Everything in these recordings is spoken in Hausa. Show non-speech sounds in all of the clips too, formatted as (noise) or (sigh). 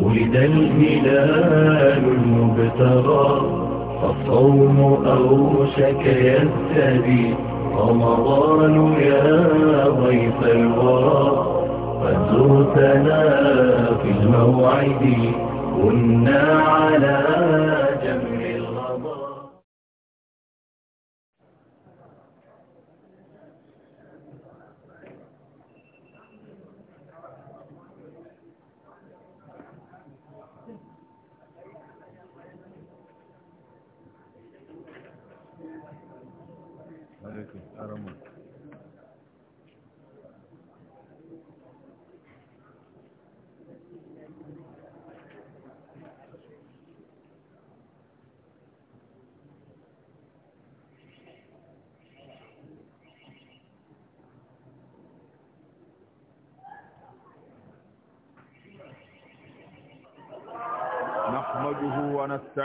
ولد الهلال المبتغى فالصوم أوشك يبتدي رمضان يا ضيف الورى قد زرتنا في الموعد كنا على جمع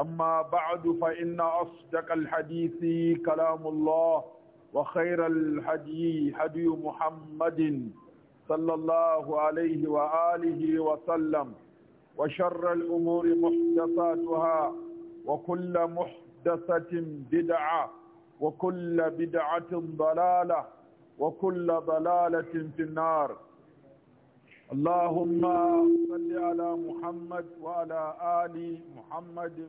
أما بعد فإن أصدق الحديث كلام الله وخير الحدي حدي محمد صلى الله عليه وآله وسلم وشر الأمور محدثاتها وكل محدثة بدعة وكل بدعة ضلالة وكل ضلالة في النار اللهم صل على محمد وعلى آل محمد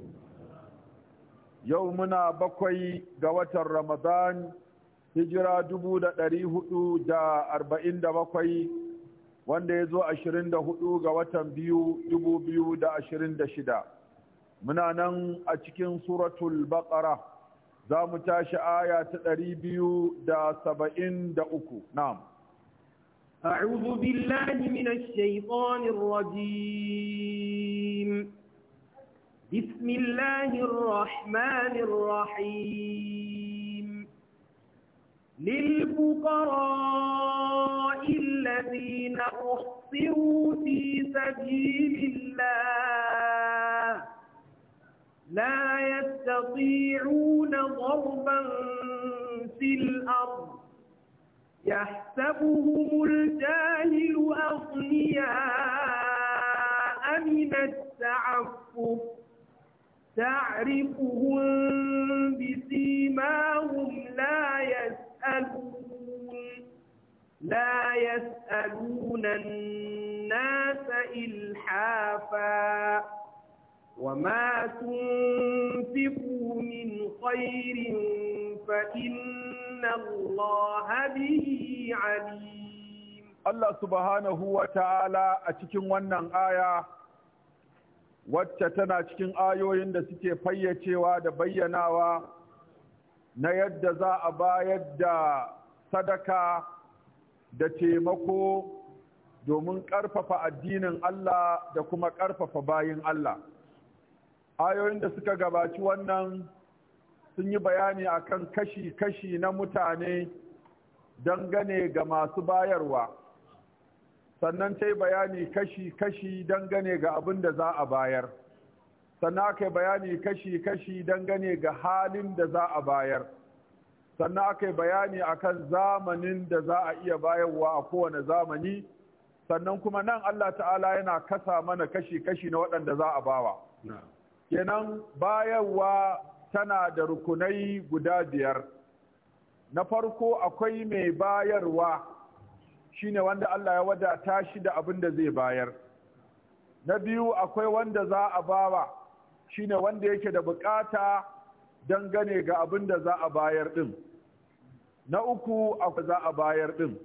yau muna bakwai ga watan Ramadan hijira dubu da ɗari hudu da arba'in da bakwai wanda ya zo ashirin da hudu ga watan biyu dubu biyu da ashirin da shida muna nan a cikin suratul baƙara za mu tashi aya ta ɗari biyu da saba'in da uku na'am أعوذ بالله من الشيطان الرجيم بسم الله الرحمن الرحيم للفقراء الذين أحصروا في سبيل الله لا يستطيعون ضربا في الأرض يحسبهم الجاهل أغنياء من التعفف تعرفهم بسيماهم لا يسألون لا يسألون الناس إلحافا وما تنفقوا من خير فإن الله به عليم الله سبحانه وتعالى أتكن ونن آية wacce tana cikin ayoyin da suke fayyacewa da bayyanawa na yadda za a bayar da sadaka da taimako domin ƙarfafa addinin Allah da kuma ƙarfafa bayin Allah. Ayoyin da suka gabaci wannan sun yi bayani akan kashi-kashi na mutane dangane ga masu bayarwa. sannan ta yi bayani kashi-kashi dangane ga abin da za a bayar sannan aka yi bayani kashi-kashi dangane ga halin da za a bayar sannan aka yi bayani akan zamanin da za a iya bayarwa a kowane zamani sannan kuma nan Allah ta'ala yana kasa mana kashi-kashi na waɗanda za a bawa kenan bayarwa tana da rukunai guda biyar na farko akwai mai bayarwa Shi ne wanda Allah ya wadata shi da abin da zai bayar na biyu akwai wanda za a bawa shi ne wanda yake da bukata gane ga abin da za a bayar din na uku akwai za a bayar din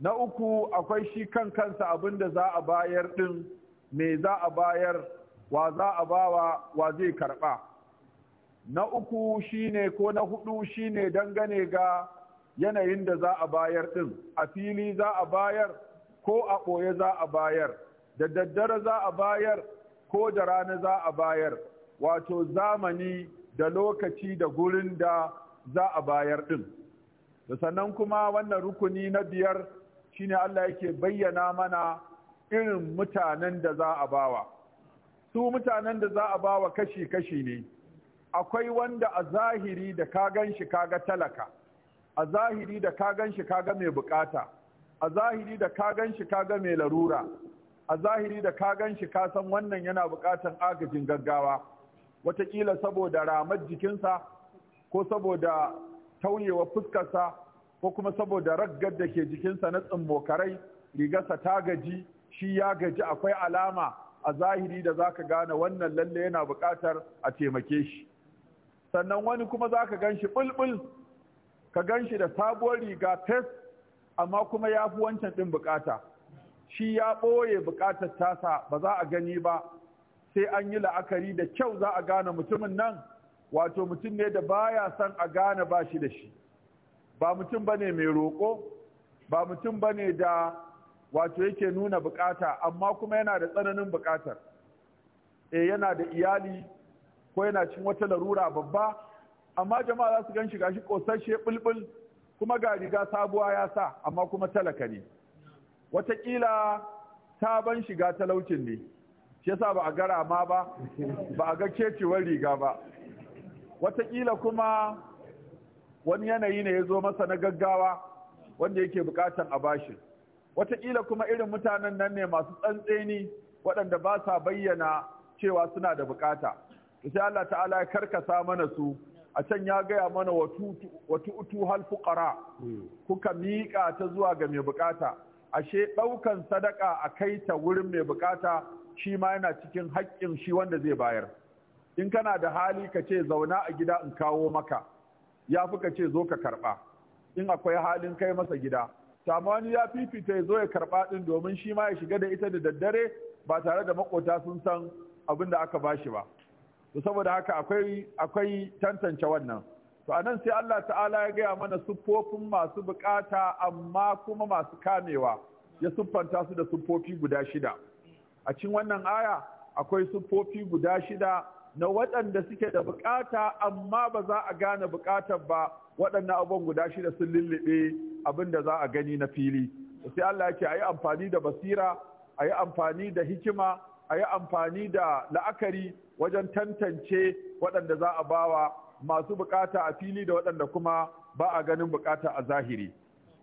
na uku akwai shi kan kansa abin da za a bayar din me za a bayar wa za a bawa wa zai karɓa? na uku shi ne ko na hudu shi ne don gane ga yanayin da za a bayar ɗin a fili za a bayar ko a ɓoye za a bayar da daddare za a bayar ko da rana za a bayar wato zamani da lokaci da gurin da za a bayar ɗin da sannan kuma wannan rukuni na biyar shine Allah yake bayyana mana irin mutanen da za a bawa su mutanen da za a bawa kashi-kashi ne akwai wanda a zahiri da ka gan shi kaga talaka a zahiri da ka gan shi kaga mai bukata a zahiri da ka gan shi kaga mai larura a zahiri da ka gan shi ka san wannan yana bukatan agajin gaggawa watakila saboda ramar jikinsa ko saboda tauyewa fuskarsa ko kuma saboda raggar da ke jikinsa na tsimbokarai rigarsa ta gaji shi ya gaji akwai alama a zahiri da za ka gane wannan lalle yana bukatar a taimake shi sannan wani kuma za ka gan shi bulbul ka gan shi da sabuwar riga fes amma kuma ya fi wancan ɗin bukata shi ya ɓoye bukatar tasa ba za a gani ba sai an yi la'akari da kyau za a gane mutumin nan wato mutum ne da baya son a gane ba shi da shi ba mutum ba ne mai roƙo ba mutum ba ne da wato yake nuna bukata amma kuma yana da tsananin bukatar e yana da iyali ko yana cin wata larura babba amma jama'a za su gan shi gashi kosashe bulbul kuma ga riga sabuwa ya sa amma kuma talaka ne watakila sabon shiga talaucin ne shi yasa ba a gara ma ba ba a ga kecewar riga ba watakila kuma wani yanayi ne ya zo masa na gaggawa wanda yake bukatan a bashi watakila kuma irin mutanen nan ne masu tsantseni waɗanda ba sa bayyana cewa suna da bukata sai Allah ta'ala ya karkasa mana su a can ya gaya mana wata utu hal hmm. kuka miƙa ta zuwa ga mai bukata ashe ɗaukan sadaka a kai ta wurin mai bukata shi ma yana cikin haƙƙin shi wanda zai bayar in kana da hali ka ce zauna a gida in kawo maka ya fi ka ce zo ka karɓa in akwai halin kai masa gida samani ya fifita ya zo ya karɓa ɗin domin shi ma ya shiga da ita da daddare ba tare da makota sun san abin da aka bashi ba to saboda haka akwai akwai tantance wannan to anan sai Allah ta'ala ya gaya mana siffofin masu bukata amma kuma masu kamewa ya siffanta su da siffofi guda shida a cikin wannan aya akwai siffofi guda shida na waɗanda suke da bukata amma ba za a gane bukatar ba waɗannan abubuwan guda shida sun lullube abin da za a gani na fili sai Allah ya ce a yi amfani da basira a yi amfani da hikima a yi amfani da la'akari wajen tantance waɗanda za a bawa masu bukata a fili da waɗanda kuma ba a ganin bukata a zahiri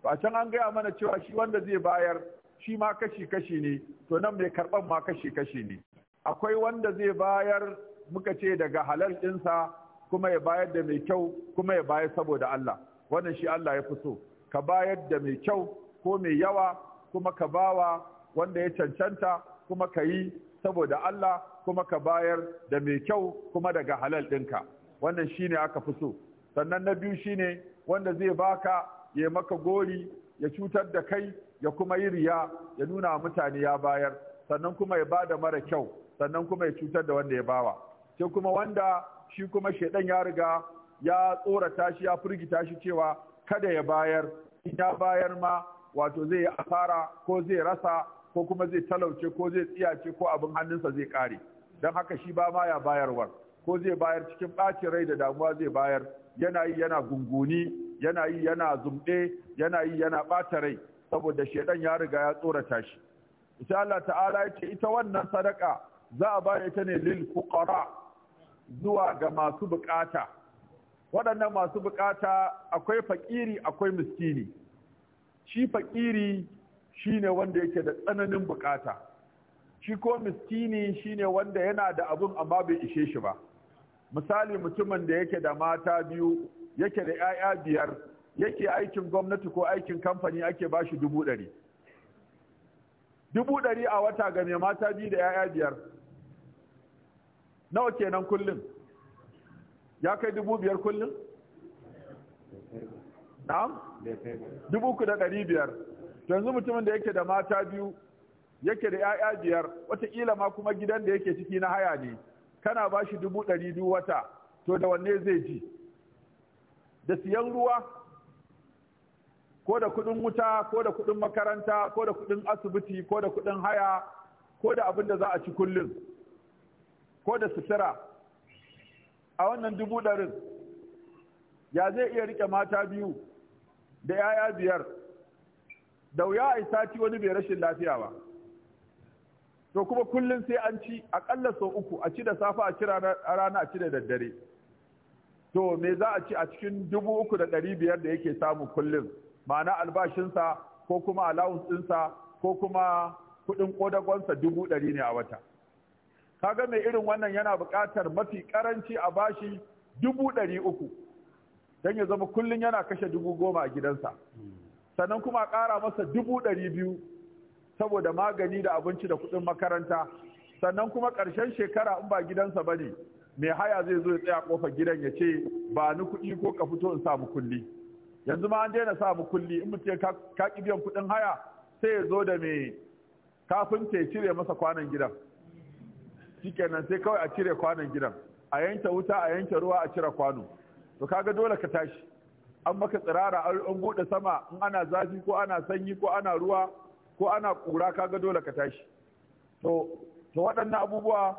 ba can an gaya mana cewa shi wanda zai bayar shi ma kashi-kashi ne to nan mai karɓar ma kashi-kashi ne akwai wanda zai bayar muka ce daga halal ɗinsa kuma ya bayar da mai kyau kuma ya bayar saboda Allah wannan shi Allah ya fi so ka bayar da mai kyau ko mai yawa kuma ka bawa wanda ya cancanta kuma ka yi saboda Allah kuma ka bayar da mai kyau kuma daga halal ɗinka wannan shi ne aka fi so sannan na biyu shi ne wanda zai baka ya maka gori ya cutar da kai ya kuma yi riya ya nuna wa mutane ya bayar sannan kuma ya ba da mara kyau sannan kuma ya cutar da wanda ya bawa sai kuma wanda shi kuma shaidan ya riga ya tsorata shi ya firgita shi cewa kada ya bayar in ya bayar ma wato zai yi asara ko zai rasa ko kuma zai talauce ko zai tsiyace ko abin hannunsa zai kare don haka shi ba ma ya bayarwar ko zai bayar cikin ɓacin rai da damuwa zai bayar yana yi yana gunguni yana yi yana zumɗe yana yi yana ɓata rai saboda shaidan ya riga ya tsorata shi insha Allah ta'ala yace ita wannan sadaka za a bayar ta ne lil fuqara zuwa ga masu bukata waɗannan masu bukata akwai fakiri akwai miskini shi fakiri Shi ne wanda yake da tsananin bukata shi ko miskini ne wanda yana da abun amma bai ishe shi ba misali mutumin da yake da mata biyu yake da 'ya'ya biyar yake aikin gwamnati ko aikin kamfani ake ba shi dubu ɗari dubu ɗari a wata ga mai mata biyu da 'ya'ya biyar nawa kenan kullum ya kai dubu biyar kullum na'am dubu ku da ɗari biyar yanzu mutumin da yake da mata biyu yake da 'ya'ya biyar wataƙila ma kuma gidan da yake ciki na haya ne kana ba shi dubu ɗari biyu wata to da wanne zai ji da siyan ruwa ko da kuɗin wuta ko da kuɗin makaranta ko da kuɗin asibiti ko da kuɗin haya ko da abin da za a ci kullum ko da sutura a wannan dubu ɗarin ya zai iya riƙe mata biyu da 'ya'ya biyar da wuya a sati wani bai rashin lafiya ba to kuma kullum sai an ci akalla sau uku a ci da safa a ci rana a ci da daddare to me za a ci a cikin dubu uku da ɗari biyar da yake samu kullum ma'ana albashinsa ko kuma allowance ɗinsa ko kuma kuɗin ƙodagonsa dubu ɗari ne a wata kaga mai irin wannan yana buƙatar mafi ƙaranci a bashi dubu ɗari uku don ya zama kullum yana kashe dubu goma a gidansa sannan kuma a ƙara masa dubu ɗari biyu saboda magani da abinci da kuɗin makaranta sannan kuma ƙarshen shekara in ba gidansa ba ne mai haya zai zo ya tsaya ƙofar gidan ya ce ba ni kuɗi ko ka fito in samu kulli yanzu ma an daina samu kulli in mutum ka ƙi biyan kuɗin haya sai ya zo da mai kafin ta cire masa kwanan gidan shikenan sai kawai a cire kwanan gidan a yanke wuta a yanke ruwa a cire kwano to kaga dole ka tashi an maka tsirara an buɗe sama in ana zafi ko ana sanyi ko ana ruwa ko ana ƙura kaga dole ka tashi to to waɗannan abubuwa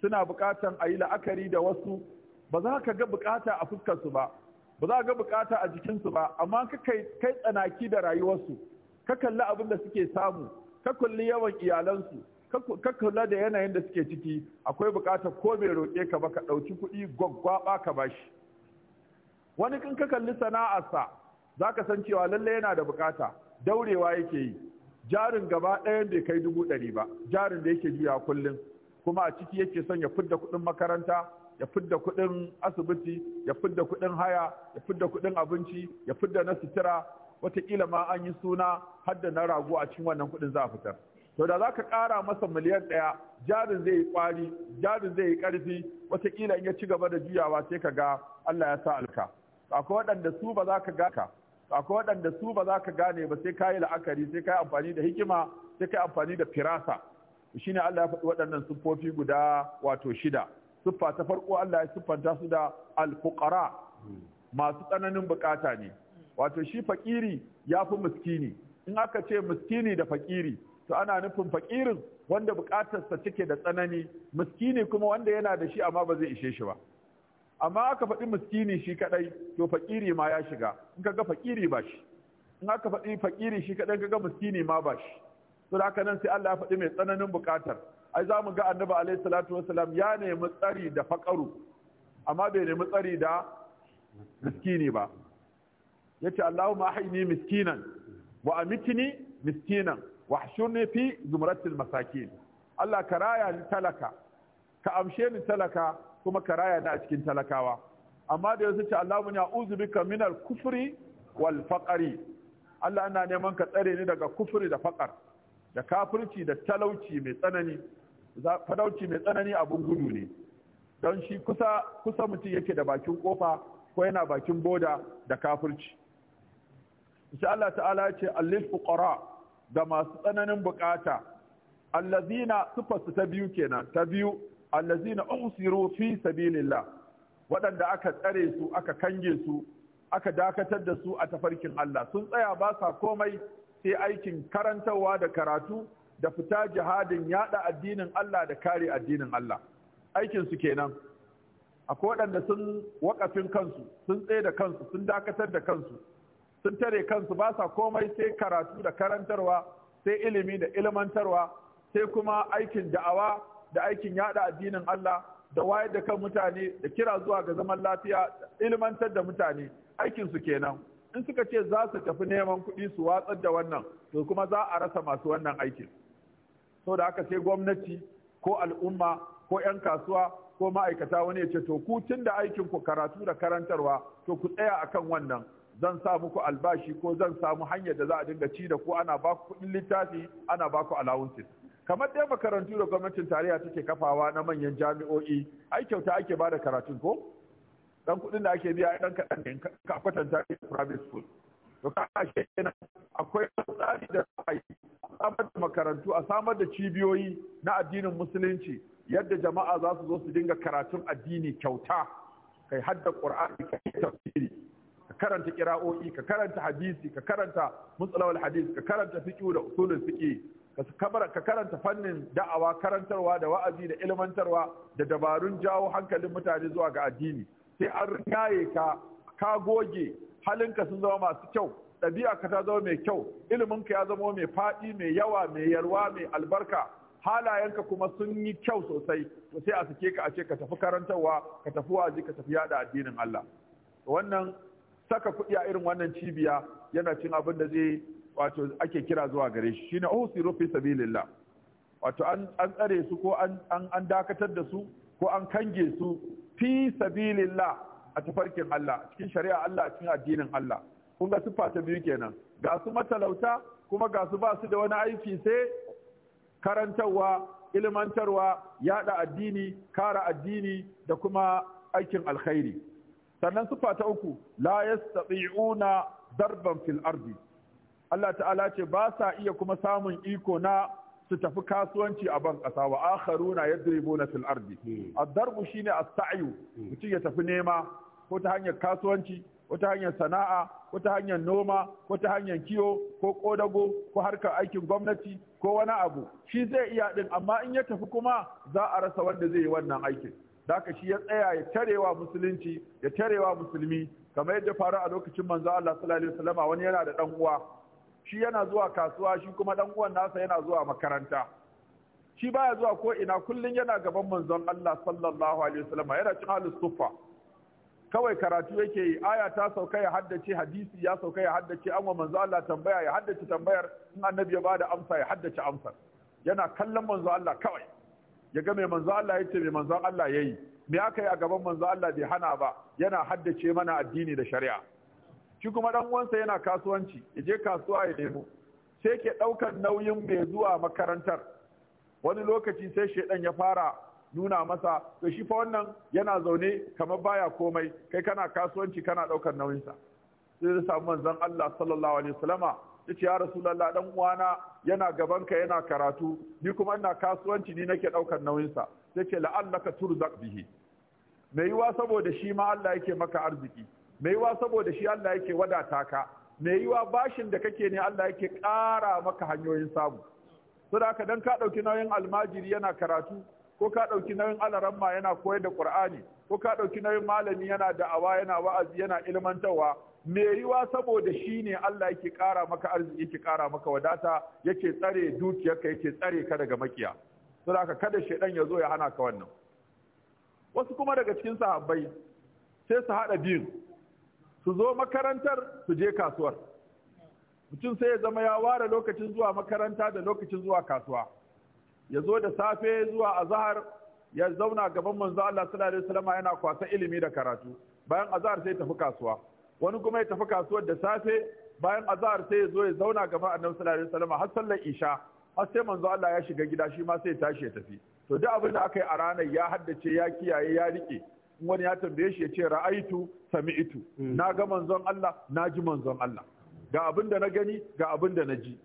suna buƙatan a yi la'akari da wasu ba za ka ga buƙata a fuskarsu ba ba za ka ga buƙata a jikinsu ba amma ka kai tsanaki da rayuwarsu ka kalli abin da suke samu ka kulli yawan iyalansu ka kula da yanayin da suke ciki akwai buƙatar ko bai roƙe ka ba ka ɗauki kuɗi gwaggwaɓa ka bashi wani kan ka kalli sana'arsa za ka san cewa lallai yana da bukata daurewa yake yi jarin gaba ɗayan bai kai dubu ɗari ba jarin da yake juya kullum kuma a ciki yake son ya fidda kuɗin makaranta ya fidda kuɗin asibiti ya fidda kuɗin haya ya fidda kuɗin abinci ya fidda na sutura watakila ma an yi suna har da na rago a cikin wannan kuɗin za a fitar to da za ka ƙara masa miliyan ɗaya jarin zai yi ƙwari jarin zai yi ƙarfi watakila in ya ci gaba da juyawa sai ka ga Allah ya sa alka akwai waɗanda su ba za ka gaka akwai waɗanda su ba za ka gane ba sai kayi la'akari sai kayi amfani da hikima sai kayi amfani da firasa shine Allah ya faɗi waɗannan siffofi guda wato shida siffa ta farko Allah ya siffanta su da alfukara masu tsananin bukata ne wato shi fakiri ya fi miskini in aka ce miskini da fakiri to ana nufin fakirin wanda bukatarsa take da tsanani miskini kuma wanda yana da shi amma ba zai ishe shi ba amma aka faɗi miskini shi kaɗai, to faƙiri ma ya shiga in ka ga faƙiri ba shi in aka faɗi faƙiri shi kaɗai, ka ga miskini ma ba shi to haka nan sai Allah ya faɗi mai tsananin buƙatar ai za mu ga annabi alaihi salatu wasalam ya nemi tsari da faƙaru amma bai nemi tsari da miskini ba yace Allahumma ahini miskinan wa amitini miskinan wa hshurni fi zumratil masakin Allah ka raya ni talaka ka amshe ni talaka kuma karaya na a cikin talakawa amma da yasu ce Allahumma ya uzubika minal kufri wal faqri Allah ana neman ka tsare ni daga kufri da faqar da kafirci da talauci mai tsanani fadauci mai tsanani abun gudu ne don shi kusa kusa mutum yake da bakin kofa ko yana bakin boda da kafirci insha Allah ta'ala ya ce allil fuqara da masu tsananin bukata allazina sifarsu ta biyu kenan ta biyu allazina uhsiru fi sabilillah waɗanda aka tsare su aka kange su aka dakatar da su a tafarkin Allah sun tsaya ba sa komai sai aikin karantarwa da karatu da fita jihadin yada addinin Allah da kare addinin Allah aikin su kenan akwai waɗanda sun wakafin kansu sun tsaye da kansu sun dakatar da kansu sun tare kansu ba sa komai sai karatu da karantarwa sai ilimi da ilmantarwa sai kuma aikin da'awa da aikin yada addinin Allah da wayar da kan mutane da kira zuwa ga zaman lafiya ilmantar da mutane aikin su kenan in suka ce za su tafi neman kuɗi su watsar da wannan to kuma za a rasa masu wannan aikin so da haka sai gwamnati ko al'umma ko 'yan kasuwa ko ma'aikata wani ya ce to ku tun da aikin ku karatu da karantarwa to ku tsaya akan wannan zan sa muku albashi ko zan samu hanyar da za a dinga ci da ku ana ba kuɗin littafi ana baku ku allowances kamar dai makarantu da gwamnatin tarayya take kafawa na manyan jami'o'i ai kyauta ake ba da karatun ko dan kuɗin da ake biya dan kaɗan ne ka kwatanta da private school to ka ashe yana akwai tsari da ra'ayi a samar da makarantu a samar da cibiyoyi na addinin musulunci yadda jama'a za su zo su dinga karatun addini kyauta kai hadda qur'ani kai tafsiri ka karanta kira'o'i ka karanta hadisi ka karanta musalawal hadisi ka karanta fiqh da usulul fiqh ka karanta fannin da'awa karantarwa da wa'azi da ilmantarwa da dabarun jawo hankalin mutane zuwa ga addini sai an rigaye ka ka goge halinka sun zama masu kyau ɗabi'a ka ta zama mai kyau iliminka ya zama mai faɗi mai yawa mai yarwa mai albarka halayenka kuma sun yi kyau sosai to sai a sake ka a ce ka tafi karantarwa ka tafi wa'azi ka tafi yada addinin Allah wannan saka kuɗi a irin wannan cibiya yana cin abin da zai wato ake kira zuwa gare shi shine usiru fi sabilillah wato an an tsare su ko an an dakatar da su ko an kange su fi sabilillah a tafarkin Allah cikin shari'a Allah cikin addinin Allah kun ga sifa ta biyu kenan ga su matalauta kuma ga su ba su da wani aiki sai karantarwa ilmantarwa yada addini kara addini da kuma aikin alkhairi sannan sifa ta uku la yastati'una darban fil ardi Allah ta'ala ce ba sa iya kuma samun iko na su tafi kasuwanci a ban ƙasa wa yadribu ya fil ardi hmm. ad-darbu shine as-sa'yu hmm. mutum ya tafi nema ko ta hanyar kasuwanci ko ta hanyar sana'a ko ta hanyar noma ko ta hanyar kiwo ko kodago ko harkar aikin gwamnati ko wani abu shi zai iya din amma in ya tafi kuma za a rasa wanda zai yi wannan aikin daka shi ya tsaya ya tarewa musulunci ya tarewa musulmi kamar yadda faru a lokacin manzo Allah sallallahu alaihi wasallama wani yana da dan uwa shi yana zuwa kasuwa shi kuma dan uwan nasa yana zuwa makaranta shi baya zuwa ko ina kullun yana gaban manzon Allah sallallahu alaihi wasallam yana cikin al suffa kawai karatu yake yi aya ta sauka ya haddace hadisi ya sauka ya haddace amma manzon Allah tambaya ya haddace tambayar in annabi ya bada amsa ya haddace amsar yana kallon manzon Allah kawai ya ga mai manzon Allah yace mai manzon Allah yayi me aka yi a gaban manzon Allah bai hana ba yana haddace mana addini da shari'a shi kuma dan uwansa yana kasuwanci ya je kasuwa ya nemo sai ke ɗaukar nauyin mai zuwa makarantar wani lokaci sai shedan ya fara nuna masa to shi fa wannan yana zaune kamar baya komai kai kana kasuwanci kana ɗaukar nauyinsa sai ya samu manzon Allah sallallahu alaihi wasallama yace ya rasulullah dan uwana yana gaban ka yana karatu ni kuma ina kasuwanci ni nake ɗaukar nauyinsa sai ce la'allaka turzaq bihi mai yiwa saboda shi ma Allah yake maka arziki mai yiwa saboda shi Allah yake wadata ka mai yiwa bashin da kake ne Allah yake ƙara maka hanyoyin samu saboda haka dan ka ɗauki nauyin almajiri yana karatu ko ka ɗauki nauyin alaramma yana koyar da ƙur'ani, ko ka ɗauki nauyin malami yana da'awa yana wa'azi yana ilmantarwa mai yiwa saboda shi ne Allah yake ƙara maka arziki yake ƙara maka wadata yake tsare dukiyarka yake tsare ka daga makiya saboda aka kada shaidan ya zo ya hana ka wannan wasu kuma daga cikin sahabbai sai su haɗa biyun. su zo makarantar su je kasuwar mutum sai ya zama ya ware lokacin zuwa makaranta da lokacin zuwa kasuwa ya zo da safe zuwa azahar ya zauna gaban manzo Allah sallallahu alaihi wasallam yana kwasa ilimi da karatu bayan azahar sai tafi kasuwa wani kuma ya tafi kasuwar da safe bayan azahar sai ya zo ya zauna gaban annabi sallallahu alaihi wasallam har sallar isha har sai manzo Allah ya shiga gida shi ma sai ya tashi ya tafi to duk abin da aka yi a ranar ya haddace ya kiyaye ya rike wani ya tambaye shi ya ce ra'aitu sami'itu hmm. na ga manzon Allah na ji manzon Allah ga abin da na gani ga abin da na ji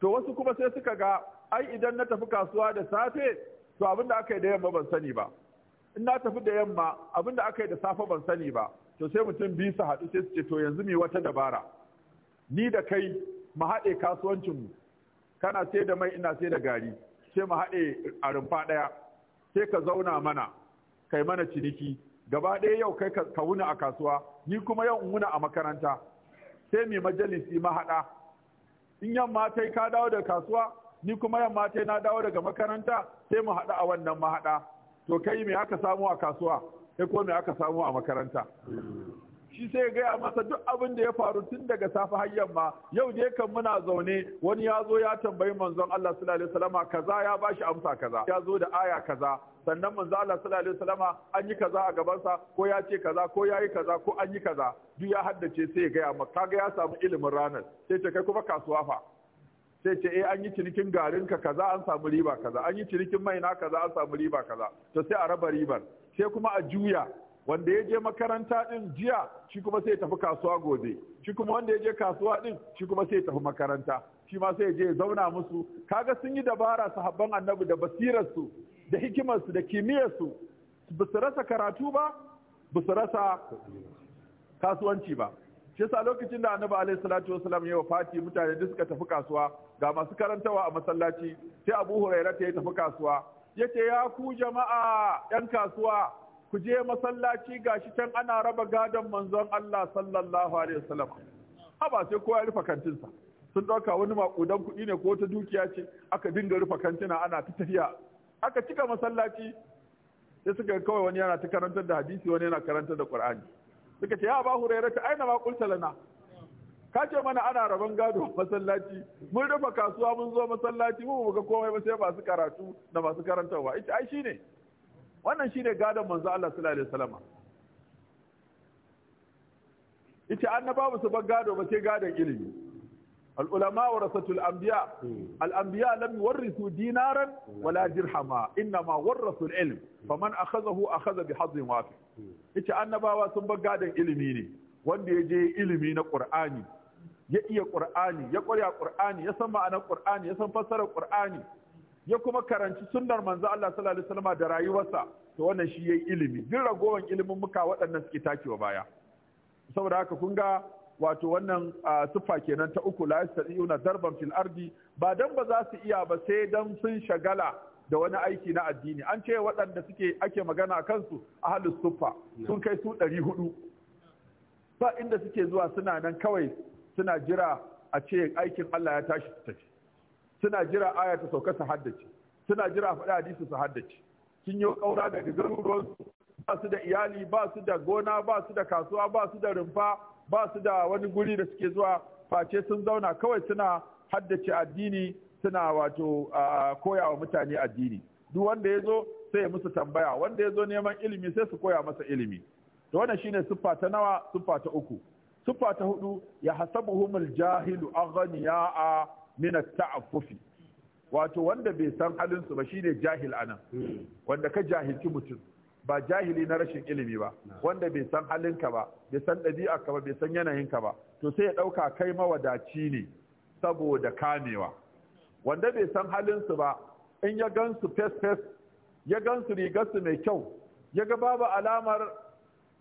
to wasu kuma sai suka ga ai idan na tafi kasuwa da safe to abin da aka yi da yamma ban sani ba in na tafi da yamma abin da aka yi da safe ban sani ba to sai mutum biyu su haɗu sai su ce to yanzu mu wata dabara ni da kai mu haɗe mu kana sai da mai ina sai da gari sai mu haɗe a rumfa ɗaya sai ka zauna mana kai mana ciniki gaba ɗaya yau kai ka wuni a kasuwa ni kuma yau in wuna a makaranta sai mai majalisi mahaɗa in yamma tai ka dawo da kasuwa ni kuma yamma tai na dawo daga makaranta sai mu haɗu a wannan mahaɗa to kai me aka samu a kasuwa sai ko me aka samu a makaranta shi sai ya gaya masa duk abin da ya faru tun daga safe har yamma yau je kan muna zaune wani ya zo ya tambayi manzon Allah sallallahu alaihi wasallama kaza ya bashi amsa kaza ya zo da aya kaza sannan manzon Allah sallallahu alaihi wasallama an yi kaza a gabansa ko ya ce kaza ko ya yi kaza ko an yi kaza duk ya haddace sai ya gaya maka kaga ya samu ilimin ranar sai ce kai kuma kasuwa fa sai ce eh an yi cinikin garin ka kaza an samu riba kaza an yi cinikin mai na kaza an samu riba kaza to sai a raba ribar sai kuma a juya wanda ya je makaranta din jiya shi kuma sai tafi kasuwa gobe shi kuma wanda ya je kasuwa din shi kuma sai tafi makaranta shi ma sai ya je zauna musu kaga sun yi dabara sahabban annabi da basirarsu da hikimarsu da kimiyyarsu ba su rasa karatu ba ba su rasa kasuwanci ba shi yasa lokacin da annabi alaihi salatu wasallam ya wafati mutane duk suka tafi kasuwa ga masu karantawa a masallaci sai abu ta ya tafi kasuwa yace ya ku jama'a yan kasuwa ku je masallaci gashi can ana raba gadon manzon Allah sallallahu alaihi wasallam ba sai kowa rufe kantinsa sun dauka wani makudan kuɗi ne ko ta dukiya ce aka dinga rufe kantina ana ta tafiya aka cika masallaci sai suka kawai wani yana ta karantar da hadisi wani yana karantar da qur'ani suka ce ya ba hurairah ta aina ma lana ka ce mana ana rabon gado masallaci mun rufe kasuwa mun zo masallaci mu ga komai ba sai masu karatu da masu karantarwa ita ai shine wannan shi ne gadon manzo Allah sallallahu alaihi wasallam yace annaba ba su ba gado ba sai gadon ilimi al ulama warasatul anbiya hmm. al anbiya lam yuwarrisu dinaran wala dirhama inna ma al ilm hmm. faman akhadhahu akhadha bi hadhin wafi hmm. yace annabawa sun ba gadon ilimi ne wanda ya je ilimi na qur'ani ya iya qur'ani ya ƙwarya qur'ani ya san ma'anar qur'ani ya san fassarar qur'ani ya kuma karanci sunnar manzo Allah sallallahu alaihi wasallam da rayuwarsa to wannan shi yayi ilimi duk ragowan ilimin muka waɗannan suke takewa baya saboda haka kun ga wato wannan sufa kenan ta uku la yastati'una darban fil ardi ba dan ba za su iya ba sai dan sun shagala da wani aiki na addini an ce waɗanda suke ake magana a kansu ahlus sufa sun kai su 400 ba inda suke zuwa suna nan kawai suna jira a ce aikin Allah ya tashi su tafi suna jira aya ta sauka su haddace suna jira faɗi hadisi su haddace sun yi ƙaura daga garuruwan ba su da iyali ba su da gona ba su da kasuwa ba su da rumfa ba su da wani guri da suke zuwa face sun zauna kawai suna haddace addini suna wato koya mutane addini duk wanda ya zo sai ya musu tambaya wanda ya zo neman ilimi sai su koya masa ilimi to wannan shine siffa ta nawa siffa ta uku siffa ta hudu ya hasabuhumul jahilu aghniya min ta'affufi wato wanda bai san halin su ba shine jahil anan wanda ka jahilci mutum ba jahili na rashin ilimi ba wanda bai san halinka ba bai san ka ba bai san yanayinka ba to sai ya ɗauka kai mawadaci ne saboda kamewa wanda bai san halin su ba in ya gansu fes-fes ya gansu rigarsu mai kyau ya ga babu alamar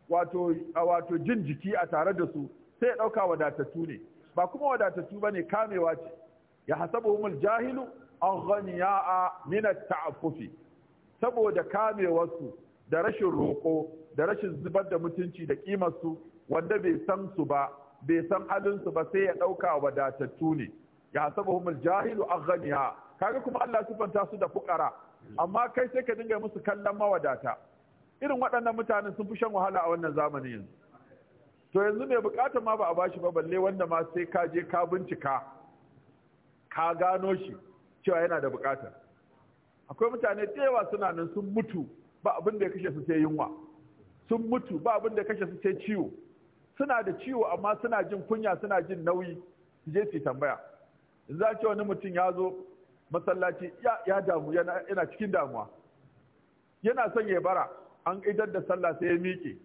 wato a wato jin jiki a tare da su sai ya ɗauka wadatattu ne ba kuma wadatattu ba ne kamewa ce yahsabuhum aljahilu aghniya min at-ta'affufi saboda su da rashin roƙo da rashin zubar da mutunci da ƙimarsu wanda bai san su ba bai san halinsu ba sai ya ɗauka wadatattu ne ya sabuhumul jahilu aghniya kaga kuma Allah sifanta su da fukara amma kai sai ka dinga musu kallon mawadata irin waɗannan mutanen sun fi shan wahala a wannan zamanin yanzu to yanzu mai bukata ma ba a bashi ba balle wanda ma sai ka je ka bincika ka gano shi cewa yana da bukata akwai mutane da yawa suna nan sun mutu ba abin da ya kashe su sai yunwa sun mutu ba abin da ya kashe su sai ciwo suna da ciwo amma suna jin kunya suna jin nauyi su je su tambaya za ce wani mutum ya zo masallaci ya damu yana cikin damuwa yana son ya bara an idar da sallah sai ya miƙe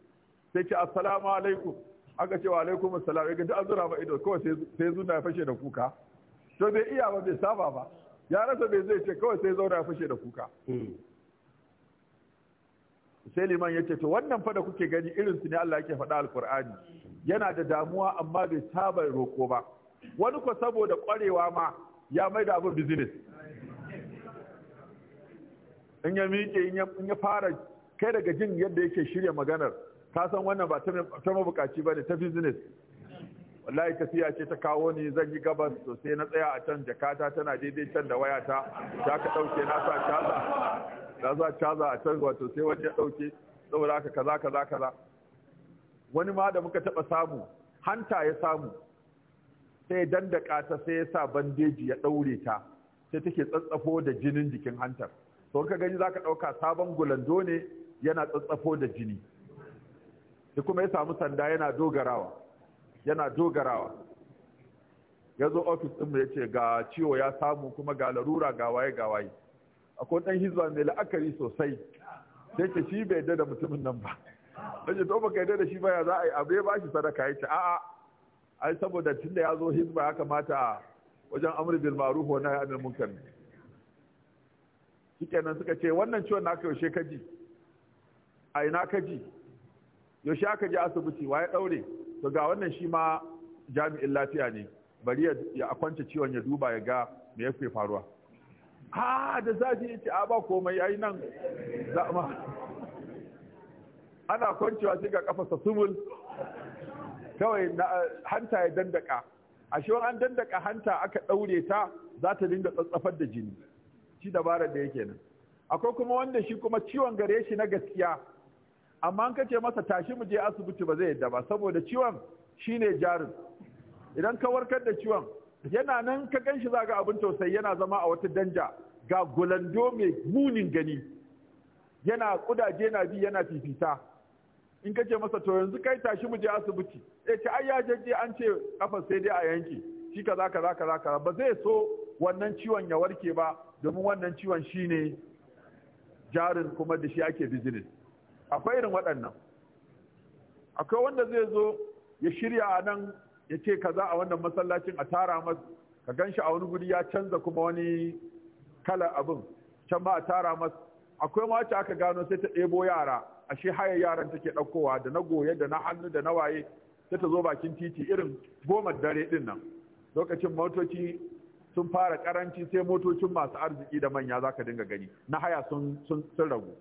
sai ce assalamu alaikum aka ce wa alaikum assalam ya gaji an zura ma ido kawai sai zuna ya fashe da kuka to bai iya ba bai saba ba ya rasa bai zai ce kawai sai zauna fashe da kuka hmm. sai liman ya ce to wannan fada kuke gani irin su ne Allah yake faɗa alkur'ani yana da damuwa amma bai saba roko ba wani ko saboda ƙwarewa ma ya mai da abin business in ya miƙe in ya fara kai daga jin yadda yake shirya maganar ka san wannan ba ta mabukaci ba ne ta bizines. wallahi tafiya ce ta kawo ni zan yi gabas to na tsaya a can jakata tana daidai can da wayata ta ka dauke na sa caza na sa caza a can wato sai wani ya dauke saboda haka kaza kaza kaza wani ma da muka taba samu hanta ya samu sai da sai ya sa bandeji ya daure ta sai take tsatsafo da jinin jikin hantar to ka gani zaka ɗauka sabon gulando ne yana tsatsafo da jini da kuma ya samu sanda yana dogarawa yana dogarawa ya zo ofis ɗinmu ya ce ga ciwo ya samu kuma ga larura ga waye ga waye akwai ɗan hizba mai la'akari sosai sai ke shi bai dada mutumin nan ba sai to baka da shi ba ya za a yi abu ya shi sadaka ya ce a'a ai saboda da ya zo hizba ya kamata wajen amr bil ma'ruf wa nahy anil munkar shikenan suka ce wannan ciwon naka yaushe ka ji a ina ka ji yaushe aka je asibiti wa ya daure to ga wannan shi ma jami'in lafiya ne bari ya kwance ciwon ya duba ya ga me yake faruwa ha da zafi yace a ba komai yayi nan za ana kwancewa sai ga kafarsa sumul kawai hanta ya dandaka A shi an dandaka hanta aka daure ta za ta dinga tsatsafar da jini shi dabarar da yake nan akwai kuma wanda shi kuma ciwon gare shi na gaskiya amma an kace masa tashi mu je asibiti ba zai yadda ba saboda ciwon shine jarin idan ka warkar da ciwon yana nan ka ganshi za ga abin tausayi yana zama a wata danja ga gulando mai munin gani yana kudaje na bi yana fifita in kace masa to yanzu kai tashi mu je asibiti sai ce ai ya an ce kafa sai dai a yanki shi kaza kaza kaza kaza ba zai so wannan ciwon ya warke ba domin wannan ciwon shine jarin kuma da shi ake business akwai irin waɗannan akwai wanda zai zo ya shirya a nan ya ce kaza a wannan masallacin a tara masa ka gan shi a wani guri ya canza kuma wani kala abin can ba a tara masa akwai ma aka gano sai ta ɗebo yara ashe haya yaran take ɗaukowa da na goye da na hannu da na waye sai ta zo bakin titi irin goma dare ɗin nan lokacin motoci sun fara karanci sai motocin masu arziki da manya za ka dinga gani na haya sun ragu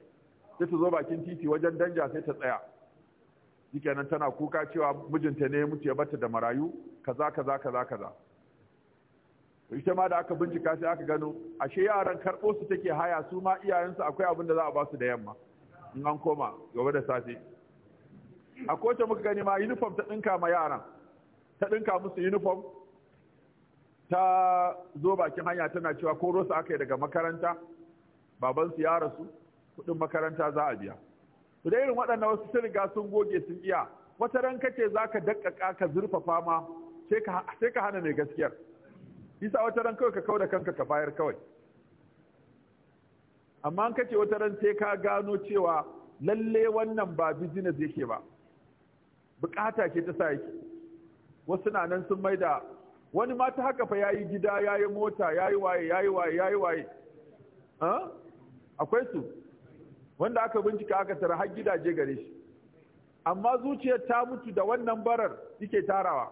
sai ta zo bakin titi wajen danja sai ta tsaya shikenan tana kuka cewa mijinta ne mutu ya bata da marayu kaza kaza kaza kaza ita ma da aka bincika sai aka gano ashe yaran karɓo su take haya su ma iyayensu akwai abin da za a ba su da yamma in an koma gobe da safe a kowace muka gani ma uniform ta dinka ma yaran ta dinka musu uniform ta zo bakin hanya tana cewa ko rosa aka yi daga makaranta babansu ya rasu kuɗin makaranta za a biya to da irin waɗannan wasu sun riga sun goge sun iya wata ran kace za ka daƙaƙa ka zurfafa ma sai ka hana mai gaskiyar bisa wata ran kawai ka kau da kanka ka bayar kawai amma an kace wata ran sai ka gano cewa lalle wannan ba business yake ba bukata ke ta sa yake wasu na nan sun maida wani ma ta haka fa yayi gida yayi mota yayi waye yayi waye yayi waye akwai su wanda aka bincika aka tara har gidaje gare shi amma zuciyar ta mutu da wannan barar yake tarawa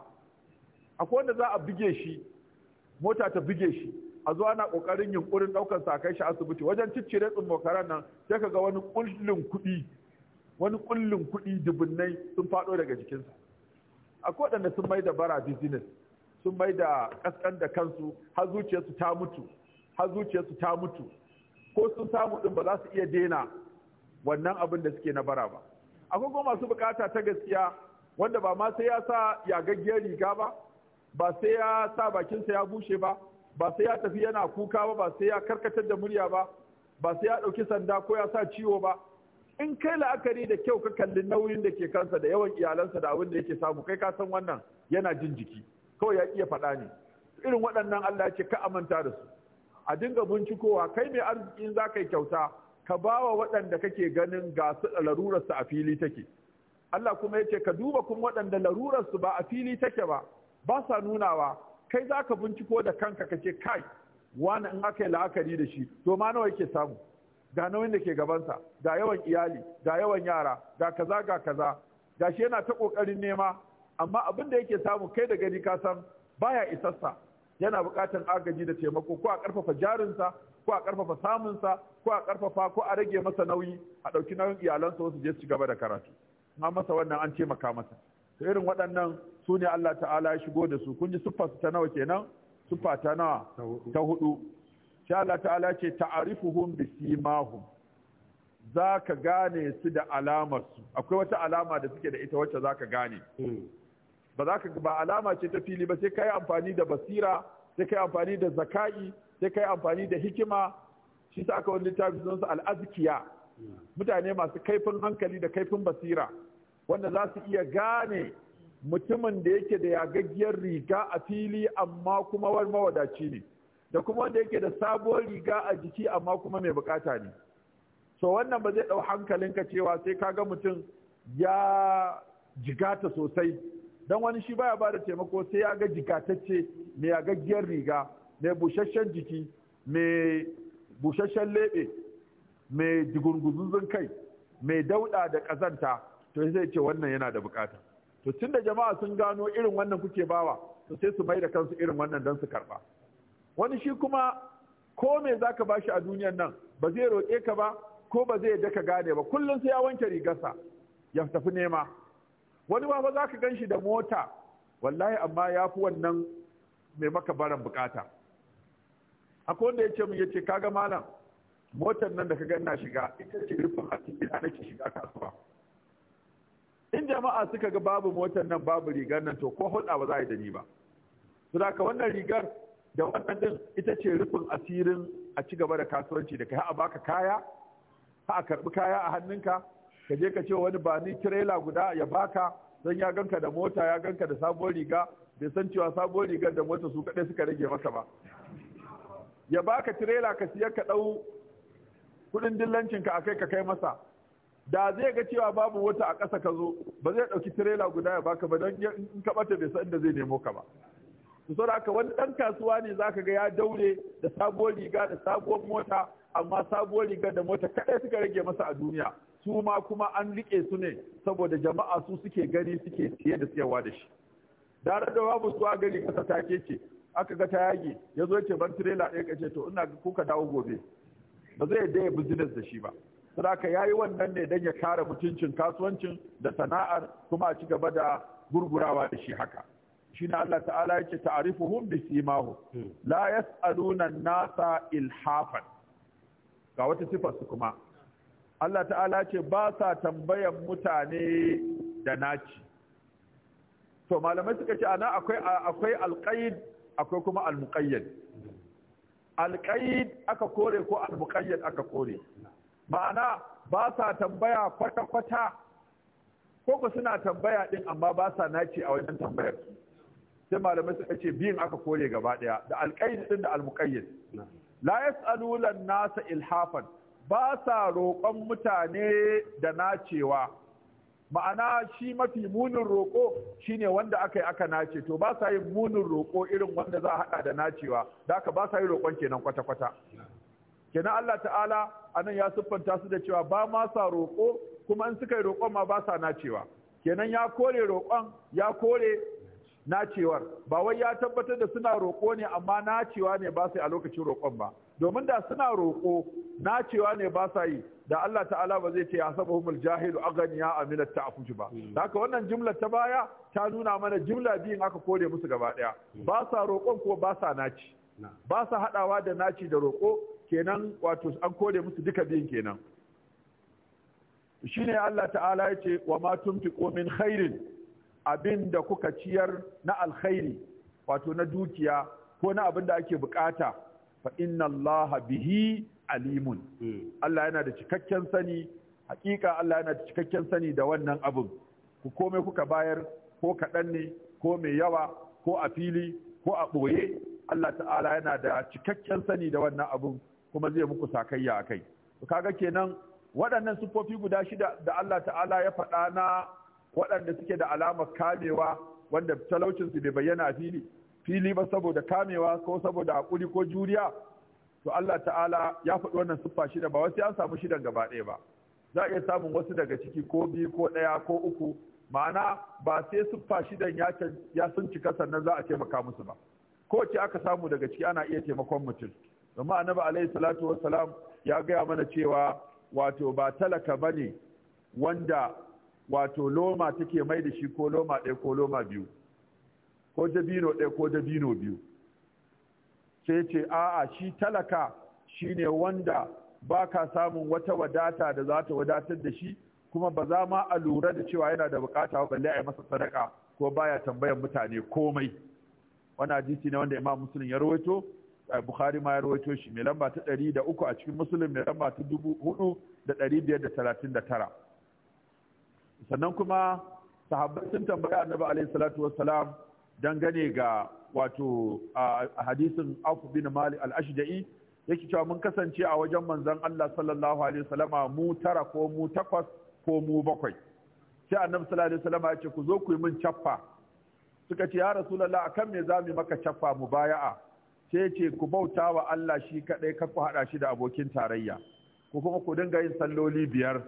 akwai wanda za a buge shi mota ta buge shi a zuwa ana kokarin yunkurin daukar sa kai shi asibiti wajen ciccire tsummokaran nan sai kaga wani kullun kuɗi wani kullun kuɗi dubunnai sun fado daga jikinsa akwai waɗanda sun mai da bara business sun mai da kaskan da kansu har zuciyarsu ta mutu har zuciyarsu ta mutu ko sun samu din ba za su iya daina wannan abin da suke na bara ba akwai kuma masu bukata ta gaskiya wanda ba ma sai ya sa yagaggiyar riga ba ba sai ya sa bakinsa ya bushe ba ba sai ya tafi yana kuka ba ba sai ya karkatar da murya ba ba sai ya ɗauki sanda ko ya sa ciwo ba in kai la'akari da kyau ka kalli nauyin da ke kansa da yawan iyalansa da abin da yake samu kai ka san wannan yana jin jiki kawai ya iya faɗa ne irin waɗannan Allah ya ce ka amanta da su a dinga bincikowa kai mai arzikin za ka yi kyauta ka ba wa waɗanda kake ganin ga su larurarsu a fili take Allah kuma ya ce ka duba kuma waɗanda larurarsu ba a fili take ba ba sa nunawa kai za ka binciko da kanka ka ce kai wani in aka yi la'akari da shi to ma nawa yake samu ga nauyin da ke gabansa ga yawan iyali ga yawan yara ga kaza ga kaza ga shi yana ta ƙoƙarin nema amma abin da yake samu kai da gani ka san baya isassa yana buƙatar agaji da taimako ko a ƙarfafa jarinsa ko a ƙarfafa samunsa ko a ƙarfafa ko a rage masa nauyi a ɗauki nauyin iyalansa wasu je su gaba da karatu an masa wannan an taimaka masa to irin waɗannan su ne Allah ta'ala ya shigo da su kun ji siffa ta nawa kenan siffa ta nawa ta hudu sai Allah ta'ala ce ta'arifuhum simahum za ka gane su da alamarsu akwai wata alama da suke da ita wacce za ka gane hmm. ba za ka ba alama ce ta fili ba sai ka yi amfani da basira sai ka yi amfani da zaka'i sai kai amfani da hikima shi sa aka wani littafi sunansa al'azikiya mutane masu kaifin hankali da kaifin basira wanda za su iya gane mutumin da yake da yagaggiyar riga a fili amma kuma wani mawadaci ne da kuma wanda yake da sabuwar riga a jiki amma kuma mai bukata ne so wannan ba zai dau hankalinka cewa sai ka ga mutum ya jigata sosai don wani shi baya ba da taimako sai ya ga jigatacce mai yagaggiyar riga mai busasshen jiki mai busasshen leɓe mai jigurguzuzun kai mai dauɗa da ƙazanta to sai ce wannan yana da bukata to tun da jama'a sun gano irin wannan kuke bawa to sai su mai da kansu irin wannan don su karɓa wani shi kuma ko me za ka bashi a duniyan nan ba zai roƙe ka ba ko ba zai daka gane ba kullum sai ya wanke rigarsa ya tafi nema wani ba za ka gan shi da mota wallahi amma ya fi wannan mai maka baran bukata akwai wanda ya ce mu ya ce kaga malam motar nan da ka ganna shiga ita ce rufin hatin da nake shiga kasuwa in jama'a suka ga babu motar nan babu rigar nan to ko hulɗa ba za a yi da ni ba su da wannan rigar da wannan din ita ce rufin asirin a ci gaba da kasuwanci da kai a baka kaya ha a karbi kaya a hannunka ka je ka ce wani ba ni tirela guda ya baka don ya ganka da mota ya ganka da sabon riga bai san cewa sabon rigar da mota su kaɗai suka rage maka ba ya baka tirela ka siyar ka ɗau kuɗin dillancinka a kai ka kai masa da zai ga cewa babu wata a ƙasa ka zo ba zai ɗauki tirela guda ya baka ba don in ka ɓata bai san da zai nemo ka ba su saboda haka wani ɗan kasuwa ne za ka ga ya daure da sabuwar riga da sabuwar mota amma sabuwar riga da mota kaɗai suka rage masa a duniya su ma kuma an riƙe su ne saboda jama'a su suke gani suke siye da siyarwa da shi da da babu su a gari ƙasa take ce aka ga ta yage ya zo ce bar tirela ɗaya ka ce to ina kuka dawo gobe ba zai yadda ya business da shi ba saboda ya yi wannan ne don ya kare mutuncin kasuwancin da sana'ar kuma a ci gaba da gurgurawa da shi haka shine Allah ta'ala Ya ce ta'arifu hum bi simahu la yas'aluna nasa ilhafan ga wata sifar su kuma Allah ta'ala ce ba sa tambayan mutane da naci to malamai suka ce ana akwai akwai alqaid akwai kuma al-muqayyad al qayd aka kore ko al-muqayyad aka kore ma'ana ba sa tambaya kwata-kwata ko suna tambaya din amma ba sa naci a wajen tambayar sai malamai suka ce biyun aka kore gaba daya da al qayd din da al-muqayyad la yas'alu lan nasa ilhafan ba sa roƙon mutane da nacewa ma'ana shi mafi munin roƙo shine wanda aka yi aka nace to ba sa yin munin roƙo irin wanda za a haɗa da nacewa da aka ba sa yi roƙon kenan kwata-kwata kenan Allah ta'ala anan ya siffanta su da cewa ba ma sa roƙo kuma in suka yi roƙon ma ba sa nacewa kenan ya kore roƙon ya kore nacewar ba wai ya tabbatar da suna roƙo ne amma nacewa ne ba sai a lokacin roƙon ba domin da suna roƙo na cewa ne ba sa yi da Allah ta'ala ba zai ce ya saba humul jahilu aganiya amina ta'afuji ba hmm. haka wannan jimla ta baya ta nuna mana jimla biyun aka kore musu gaba daya hmm. ba sa roƙon ko ba sa naci ba sa hadawa da naci da roƙo kenan wato an kore musu duka biyun kenan shine Allah ta'ala ya ce wa ma tumtiqu min khairin abinda kuka ciyar na alkhairi wato na dukiya ko na abin da ake bukata fa inna Allah bihi alimun Allah yana da cikakken sani hakika Allah yana da cikakken sani da wannan abun. ku komai kuka bayar ko kaɗan ne ko mai yawa ko a fili ko a ɓoye Allah ta'ala yana da cikakken sani da wannan abun kuma zai muku sakayya akai kai kaga kenan waɗannan siffofi guda shida da Allah ta'ala ya faɗa na waɗanda suke da alamar kamewa wanda talaucinsu bai bayyana a fili fili ba saboda kamewa ko saboda hakuri ko juriya to Allah ta'ala ya faɗi wannan siffa shida ba wasu ya samu shidan gaba ɗaya ba za a iya samun wasu daga ciki ko biyu ko ɗaya ko uku ma'ana ba sai siffa shidan ya sun cika sannan za a taimaka musu ba ko ce aka samu daga ciki ana iya taimakon mutum amma annabi alaihi salatu wassalam ya gaya mana cewa wato ba talaka bane wanda wato loma take mai da shi ko loma ɗaya ko loma biyu ko dabino ɗaya ko dabino biyu sai ce a'a shi talaka shine wanda ba ka samun wata wadata da za ta wadatar da shi kuma ba za ma a lura da cewa yana da bukata balle a yi masa sadaka ko baya tambayan mutane komai wani hadisi ne wanda imam muslim ya rawaito bukhari ma ya rawaito shi mai lamba ta ɗari da uku a cikin muslim mai lamba ta dubu hudu da ɗari biyar da talatin da tara sannan kuma sahabbai sun tambaya annabi alaihi salatu wassalam dangane ga wato a hadisin Auf bin Malik al-Ashja'i yake cewa mun kasance a wajen manzon Allah sallallahu alaihi wasallama mu tara ko mu takwas ko mu bakwai sai annabi sallallahu alaihi wasallama ya ku zo ku yi min chaffa suka ce ya rasulullah akan me zamu maka chaffa mubaya'a sai ya ku bauta wa Allah shi kadai ka ku hada shi da abokin tarayya ku kuma ku dinga yin salloli biyar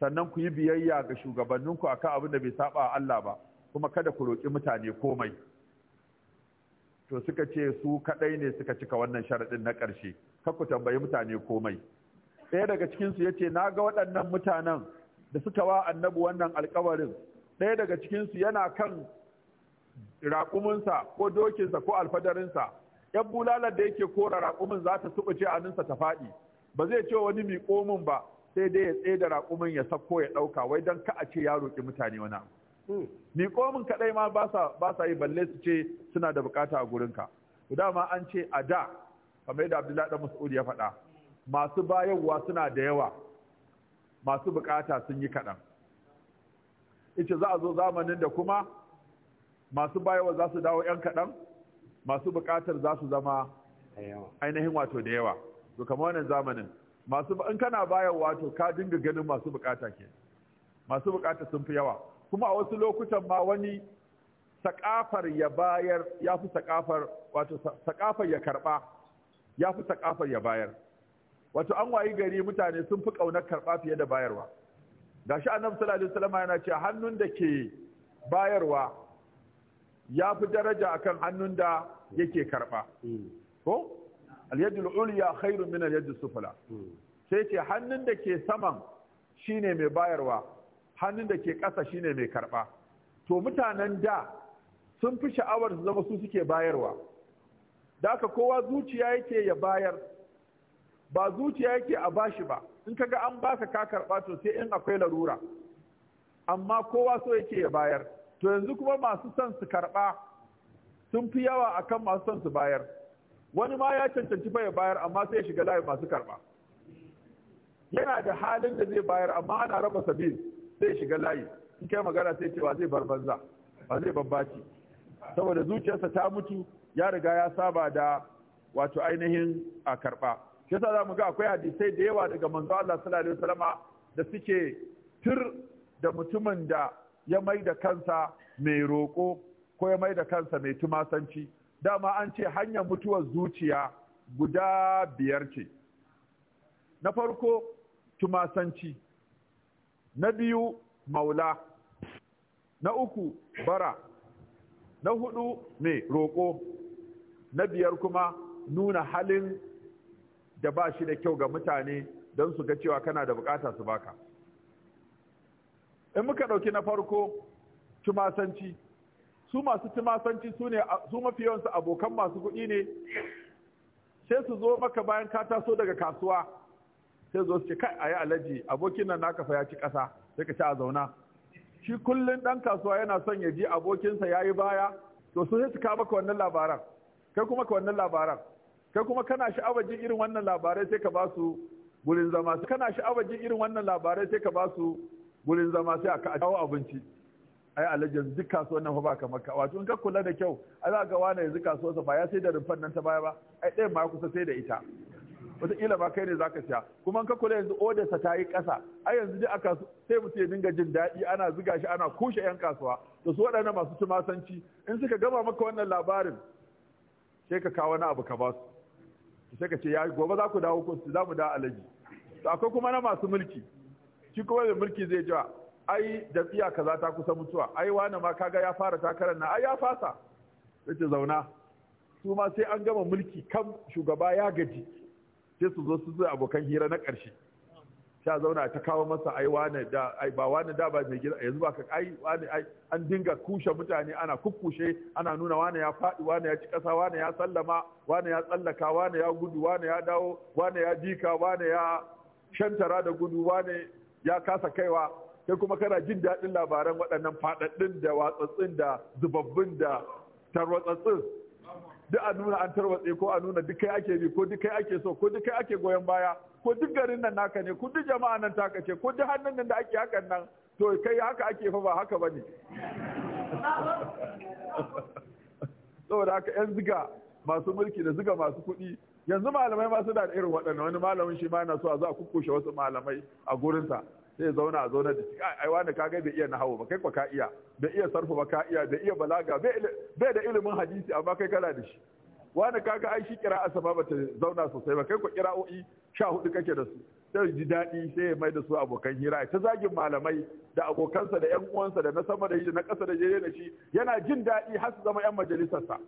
sannan ku yi biyayya ga shugabanninku akan abin da bai saba Allah ba kuma kada ku roƙi mutane komai to suka ce su kaɗai ne suka cika wannan sharaɗin na ƙarshe ku tambayi mutane komai ɗaya daga cikinsu ya ce na ga waɗannan mutanen da suka wa Annabu wannan alkawarin ɗaya daga cikinsu yana kan raƙuminsa ko dokinsa ko alfadarinsa yan bulalar da yake kora raƙumin za ta a aninsa ta faɗi ba zai ce wani miƙomin ba sai dai ya tsaye da raƙumin ya sako ya ɗauka wai don ka a ce ya roƙi mutane wani abu ni komin kadai ma ba sa yi balle su ce suna da bukata a gurinka to ma an ce a da kamar yadda Abdullahi da Mas'ud ya faɗa masu bayarwa suna da yawa masu bukata sun yi kaɗan ita za a zo zamanin da kuma masu bayarwa za su dawo 'yan kaɗan masu bukatar za su zama ainihin wato da yawa to kamar wannan zamanin masu in kana bayarwa to ka dinga ganin masu bukata ke masu bukata sun fi yawa kuma a wasu lokutan ma wani sakafar ya bayar ya fi sakafar wato sakafar ya karba ya fi sakafar ya bayar wato an wayi gari mutane sun fi kaunar karba fiye da bayarwa shi annabi sallallahu alaihi wasallam yana cewa hannun da ke bayarwa ya fi daraja akan hannun da yake karba hmm. ko al al ulya khairun min al yadu sufla hmm. sai ce hannun da ke saman shine mai bayarwa hannun da ke ƙasa shine mai karɓa to mutanen da sun fi sha'awar su zama su suke bayarwa da aka kowa zuciya yake ya bayar ba zuciya yake a bashi ba in ka ga an baka ka karɓa to sai in akwai larura amma kowa so yake ya bayar to yanzu kuma masu son su karɓa sun fi yawa akan masu son su bayar wani ma ya cancanci fa ya bayar amma sai ya shiga layi masu karɓa yana da halin da zai bayar amma ana raba sabil zai shiga layi in kai magana sai cewa zai bar banza ba zai babbaci saboda zuciyarsa ta mutu ya riga ya saba da wato ainihin a karba shi yasa zamu ga akwai hadisai da yawa daga manzo Allah sallallahu alaihi wasallama da suke tir da mutumin da ya mai da kansa mai roƙo ko ya mai da kansa mai tumasanci dama an ce hanyar mutuwar zuciya guda biyar ce na farko tumasanci na biyu maula na uku bara na hudu ne roƙo na biyar kuma nuna halin da ba shi da kyau ga mutane don su ga cewa kana da bukata su baka in muka ɗauki na farko tumasanci su masu tumasanci su ne su mafi yawansu abokan masu kuɗi ne sai su zo maka bayan ka taso daga kasuwa sai zo suke ce kai yi alaji abokin nan naka fa ya ci ƙasa sai ka ci a zauna shi kullum dan kasuwa yana son ya ji abokinsa ya yi baya to sun sai su ka maka wannan labaran kai kuma ka wannan labaran kai kuma kana sha'awar jin irin wannan labarai sai ka ba su gurin zama kana sha'awar jin irin wannan labarai sai ka ba su gurin zama sai a kawo abinci ai alajin duk kasuwar nan fa ba ka ka wato in ka kula da kyau a za ga wani yanzu kasuwarsa ba ya sai da rumfar nan ta baya ba ai ɗayan ma kusa sai da ita wataƙila ba kai ne zaka sha kuma ka kula yanzu odarsa ta yi ƙasa a yanzu ji a kasu sai mutum ya dinga jin daɗi ana ziga shi ana kushe 'yan kasuwa da su waɗanda masu tumasanci in suka gama maka wannan labarin sai ka kawo wani abu ka ba su sai ka ce ya gobe za ku dawo ko za mu da alaji to akwai kuma na masu mulki shi kuma mai mulki zai jiwa ai jam'iyya kaza ta kusa mutuwa ai wani ma kaga ya fara takarar na ai ya fasa sai zauna su ma sai an gama mulki kan shugaba ya gaji sai su zo su zo abokan hira na ƙarshe sha a zauna ta kawo masa ai wane da ai ba wane da ba mai gida yanzu ba ai wane ai an dinga kushe mutane ana kukkushe ana nuna wane ya faɗi wane ya ci ƙasa wane ya sallama wane ya tsallaka wane ya gudu wane ya dawo wane ya jika wane ya shantara da gudu wane ya kasa kaiwa sai kuma kana jin daɗin labaran waɗannan faɗaɗɗun da watsatsin da zubabbin, da tarwatsatsun duk a nuna an tarwatse ko a nuna duk kai ake bi ko duk kai ake so ko duk kai ake goyon baya ko duk garin nan naka ne ko duk jama'a nan taka ce ko duk hannun nan da ake hakan nan to kai haka ake fa ba haka bane (laughs) saboda haka yan ziga masu mulki da ziga masu kuɗi yanzu malamai masu da irin waɗannan wani malamin shi ma yana so a zo a kukkushe wasu malamai a gurinsa sai zauna a zauna da shi ai wani ka ga bai iya nahawu ba kai kwa ka iya bai iya sarfa ba ka iya bai iya balaga bai da ilimin hadisi amma kai kana da shi wani ka ga ai shi kira'a sama ba ta zauna sosai ba kai kwa kira'o'i sha hudu kake da su sai ji daɗi sai ya mai da su abokan hira ta zagin malamai da abokansa da yan uwansa da na sama da shi na ƙasa da jere da shi yana jin daɗi har su zama yan majalisarsa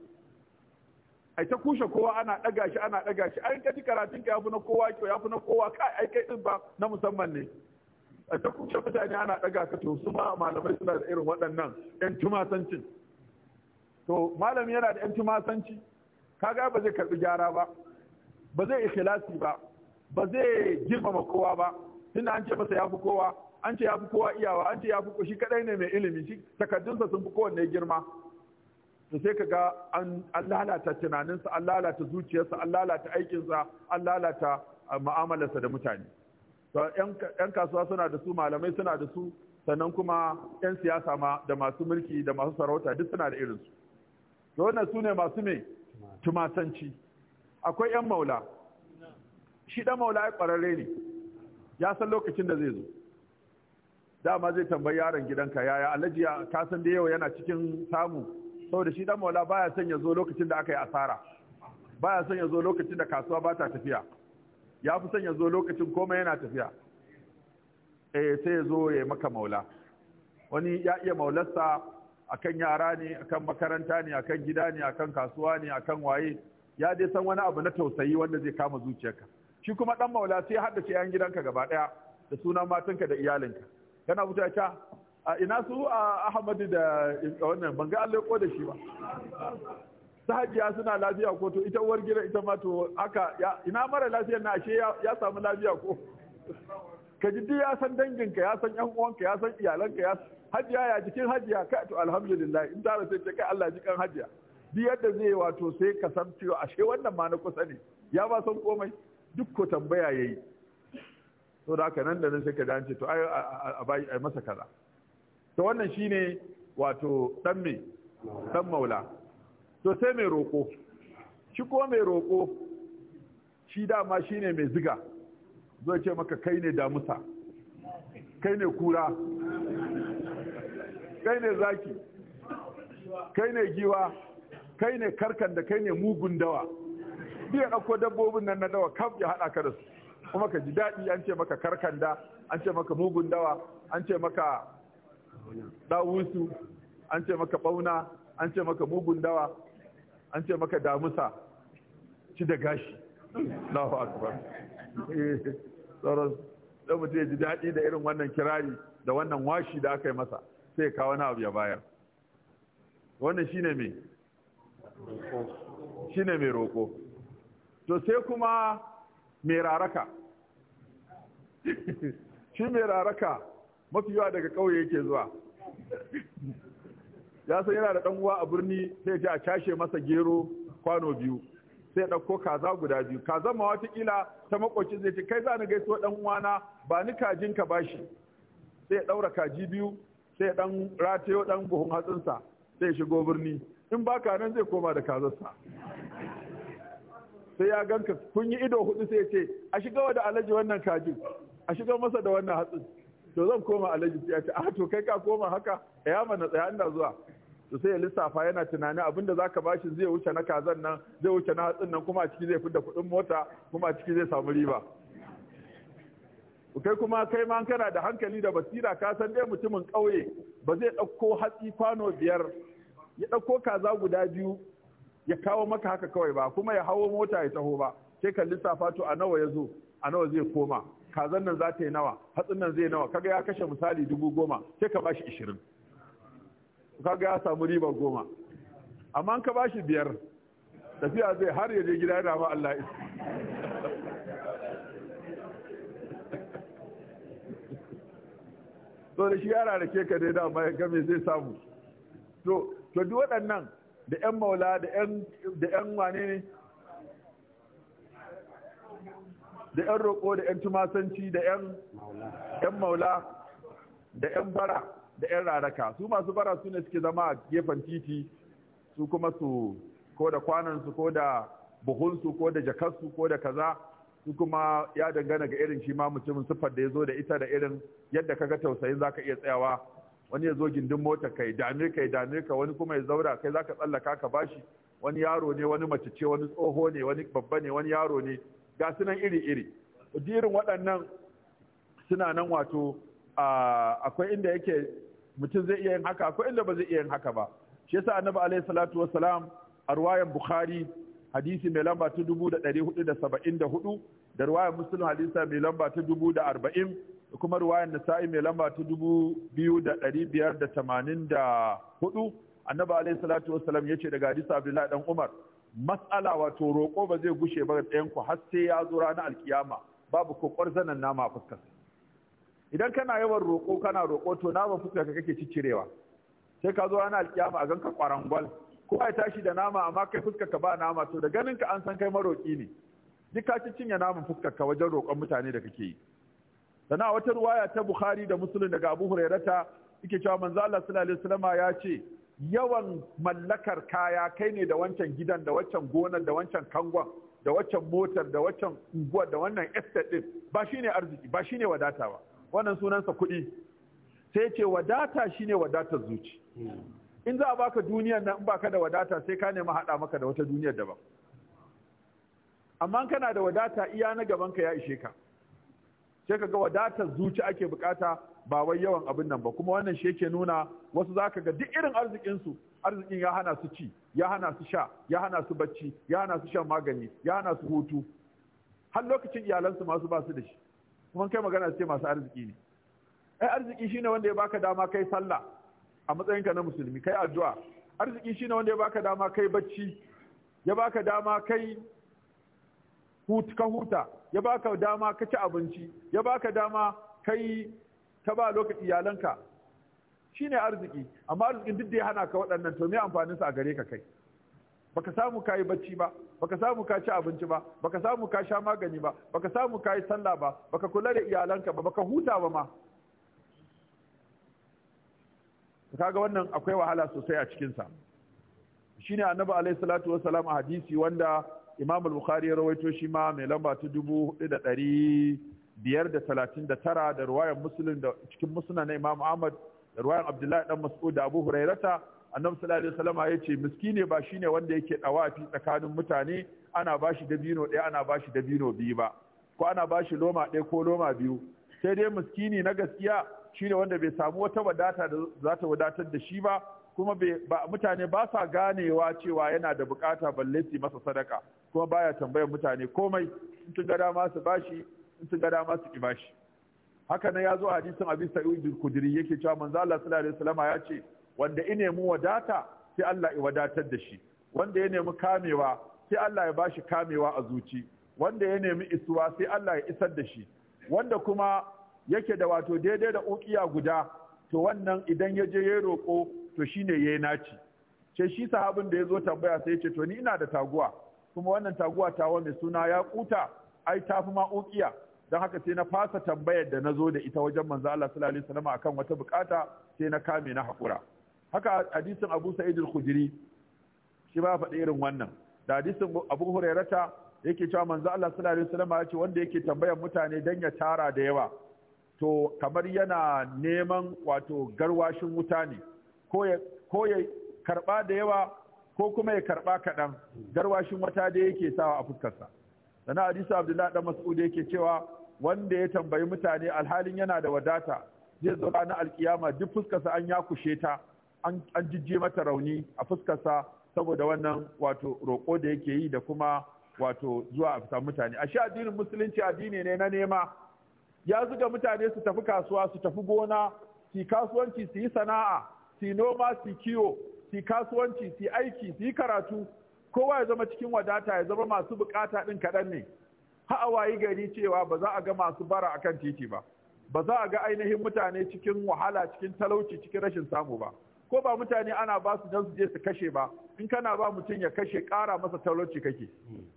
ai ta kushe kowa ana ɗaga shi ana ɗaga shi ai ka ji karatun ka yafi na kowa kyau yafi na kowa kai ai kai din ba na musamman ne a ta mutane ana ɗaga ka to su ma malamai suna da irin waɗannan ƴan tumasancin to malami yana da ƴan tumasanci kaga ba zai karɓi gyara ba ba zai ikhlasi ba ba zai girmama kowa ba tunda an ce masa ya fi kowa an ce ya fi kowa iyawa an ce ya fi shi kadai ne mai ilimi shi takaddunsa sun fi kowanne girma to sai kaga an lalata tunaninsa an lalata zuciyarsa an lalata aikinsa an lalata ah, mu'amalarsa da mutane 'yan kasuwa suna da su malamai suna da su sannan kuma 'yan siyasa ma da masu mulki da masu sarauta duk suna da irinsu to wannan su ne masu me tumatanci. akwai 'yan maula shi ɗan maula ya ƙwararre ne ya san lokacin da zai zo dama zai tambayi yaron gidanka yaya alhaji ka san da yau yana cikin samu saboda shi ɗan maula baya son ya zo lokacin da aka yi asara baya son ya zo lokacin da kasuwa ba ta tafiya ya fi son ya zo lokacin koma yana tafiya eh sai ya zo ya maka maula wani ya iya maularsa akan yara ne akan makaranta ne akan gida ne akan kasuwa ne akan waye ya dai san wani abu na tausayi wanda zai kama zuciyarka shi kuma dan maula sai hada ce yan gidanka gaba daya da sunan matanka da iyalinka kana fita ta ina su Ahmadu da wannan ban ga Allah ko da shi ba sahajiya suna lafiya ko to ita uwar gida ita ma to aka ina mara lafiyar na ashe ya samu lafiya ko ka ji ya san danginka ya san yan uwanka ya san iyalanka ya hajiya ya jikin hajiya kai to alhamdulillah in tara sai ce kai Allah ji kan hajiya duk yadda zai wato sai ka san cewa ashe wannan ma na kusa ne ya ba san komai duk ko tambaya yayi to da haka nan da nan sai ka dace to ai a bai masa kaza to wannan shine wato dan me dan maula to sai mai roƙo shi ko mai roƙo shi dama shi ne mai ziga zai ce maka kai ne damusa kai ne kura kai ne zaki kai ne giwa kai ne karkan da kai ne mugun dawa biya ɗauko dabbobin nan na dawa kaf ya haɗa ka da su kuma ka ji daɗi an ce maka karkanda, da an ce maka mugun dawa an ce maka ɗawusu an ce maka ɓauna an ce maka mugun dawa an ce maka damusa ci da gashi Allahu akbar eh, sauran dan mutum ya ji daɗi da irin wannan kirari da wannan washi da aka yi masa sai kawo na abu ya bayar wannan mai shi ne mai roƙo. to sai kuma mai raraka (laughs) shi mai raraka mafi yawa daga ƙauye yake zuwa ya san yana da dan uwa a birni sai ya a cashe masa gero kwano biyu sai ya ɗauko kaza guda biyu kaza ma kila ta makwacin zai ce kai za ni gaisuwa dan uwana ba ni kajin ka bashi sai ya ɗaura kaji biyu sai ya ɗan ratayo ɗan buhun hatsinsa sai ya shigo birni in ba ka nan zai koma da kazarsa sai ya ganka kun yi ido hudu sai ya ce a shiga da alaji wannan kajin a shiga masa da wannan hatsin to zan koma alhaji sai ya ce ah, to kai ka koma haka ya mana tsaya ina zuwa to sai ya lissafa yana tunanin abinda za ka bashi zai wuce na kazan nan zai wuce na hatsin nan kuma a ciki zai fidda kuɗin mota kuma a ciki zai samu riba kai kuma kai ma kana da hankali da basira ka san dai mutumin ƙauye ba zai ɗauko hatsi kwano biyar ya ɗauko kaza guda biyu ya kawo maka haka kawai ba kuma ya hawo mota ya taho ba sai ka lissafa to a nawa ya zo a nawa zai koma kazan nan za ta yi nawa hatsin nan zai nawa kaga ya kashe misali dubu goma sai ka bashi ishirin kaga ya samu riba goma amma ka bashi biyar tafiya zai har ya je gida yana ma Allah isi to da shi yara da ke ka dai dama ya game zai samu to to duk waɗannan da yan maula da yan da yan wane ne da 'yan roƙo da 'yan tumasanci da 'yan maula da 'yan bara da 'yan raraka su masu bara su ne suke zama a gefen titi su kuma su ko da kwanansu ko da buhunsu ko da jakarsu ko da kaza su kuma ya dangana ga irin shi ma mutumin siffar da ya zo da ita da irin yadda ka ga tausayin za ka iya tsayawa wani ya zo gindin mota kai dame kai dame ka wani kuma ya zaura kai za ka tsallaka ka bashi wani yaro ne wani mace ce wani tsoho ne wani babba ne wani yaro ne ga sunan iri-iri jirin waɗannan suna nan wato akwai inda yake mutum zai iya yin haka akwai inda ba zai iya yin haka ba shi yasa annabi alayhi salatu wassalam a ruwayan bukhari hadisi mai lamba ta dubu da ɗari hudu da saba'in da hudu da ruwayan muslim hadisa mai lamba ta dubu da arba'in da kuma ruwayan nasa'i mai lamba ta dubu biyu da ɗari biyar da tamanin da hudu annabi alayhi salatu wassalam ya ce daga hadisa abdullahi dan umar matsala wato roƙo ba zai gushe ba da ku har sai ya zo ranar alkiyama babu ko ƙwarzanan nama a fuskar idan kana yawan roƙo kana roƙo to nama fuskar ka kake ciccirewa sai ka zo ranar alkiyama a ganka kwarangwal ko ai tashi da nama amma kai fuskar ka ba nama to da ganin ka an san kai maroƙi ne duk ka ci cinye naman fuskar ka wajen roƙon mutane da kake yi Sana'a wata ruwaya ta Bukhari da musulun daga Abu Hurairata yake cewa manzo Allah sallallahu alaihi wasallama ya ce yawan mallakar kaya kai ne da wancan gidan da wancan gonar da wancan kangon da wancan motar da wancan unguwar da wannan estate din ba shine arziki ba shine wadata ba wannan sunansa kuɗi sai ce wadata shine wadatar zuci hmm. in za a baka duniyar nan in baka da wadata sai ka nemi haɗa maka da wata duniyar daban amma kana da wadata iya na gaban ka ya ishe ka sai ka ga wadatar zuci ake bukata ba wai yawan abin nan ba kuma wannan shi yake nuna wasu zaka ga duk irin arzikinsu, arzikin ya hana su ci ya hana su sha ya hana su bacci ya hana su shan magani ya hana su hutu har lokacin iyalansu masu ba su da shi kuma kai magana ce masu arziki ne ai arziki shine wanda ya baka dama kai sallah a matsayinka na musulmi kai addu'a arziki shine wanda ya baka dama kai bacci ya baka dama kai hutu ka huta ya baka dama ka ci abinci ya baka dama kai ta ba lokaci iyalanka Shi ne arziki amma arzikin duk da ya hana ka waɗannan to me amfaninsa a gare ka kai baka samu kayi bacci ba baka samu ka ci abinci ba baka samu ka sha magani ba baka samu ka yi sallah ba baka kula da iyalanka ba baka huta ba ma kaga wannan akwai wahala sosai a cikin sa shine annabi alaihi salatu wassalam a hadisi wanda imam al-bukhari ya rawaito shi ma mai lamba ta dubu da ɗari biyar da talatin da tara da ruwayar musulun da cikin musuna na imam ahmad da ruwayar abdullahi dan mas'ud da abu hurairata annabi sallallahu alaihi wasallam ya ce miskine ba shine wanda yake dawafi tsakanin mutane ana bashi dabino ɗaya ana bashi dabino biyu ba ko ana bashi loma ɗaya ko loma biyu sai dai miskini na gaskiya shine wanda bai samu wata wadata da za ta wadatar da shi ba kuma ba mutane ba sa ganewa cewa yana da bukata balle su masa sadaka kuma baya tambayar mutane komai in kin ga dama su bashi in sun ga dama su ki shi haka nan ya zo hadisin abi sa'id al kudiri yake cewa manzo Allah sallallahu alaihi wasallam ya ce wanda ya nemi wadata sai Allah ya wadatar da shi wanda ya nemi kamewa sai Allah ya bashi kamewa a zuci wanda ya nemi isuwa sai Allah ya isar da shi wanda kuma yake da wato daidai da ukiya guda to wannan idan ya je ya roƙo to shine yayi naci ce shi sahabin da ya zo tambaya sai ya ce to ni ina da taguwa kuma wannan taguwa tawa mai suna ya kuta ai tafi ma ukiya don haka sai na fasa tambayar da na zo da ita wajen manzo Allah sallallahu alaihi wasallam akan wata bukata sai na kame na hakura haka hadisin Abu Sa'id al-Khudri shi ba faɗi irin wannan da hadisin Abu Hurairata yake cewa manzo Allah sallallahu alaihi wasallam ya ce wanda yake tambayar mutane dan ya tara da yawa to kamar yana neman wato garwashin wuta ne ko ya ko ya karba da yawa ko kuma ya karba kaɗan garwashin wata da yake sawa a fuskarsa sana hadisi abdullahi dan mas'ud yake cewa wanda ya tambayi mutane alhalin yana da wadata zai zo na alkiyama duk fuskarsa an ya kushe ta an jijje mata rauni a fuskarsa saboda wannan wato roƙo da yake yi da kuma wato zuwa a fitar mutane ashe addinin musulunci addini ne na nema ya zuga mutane su tafi kasuwa su tafi gona su kasuwanci su yi sana'a su noma su kiwo su kasuwanci su aiki su karatu kowa ya zama cikin wadata ya zama masu bukata ɗin kaɗan ne ha'a wayi gari cewa ba za a ga masu bara akan titi ba ba za a ga ainihin mutane cikin wahala cikin talauci cikin rashin samu ba ko ba mutane ana ba su don su je su kashe ba in kana ba mutum ya kashe ƙara masa talauci kake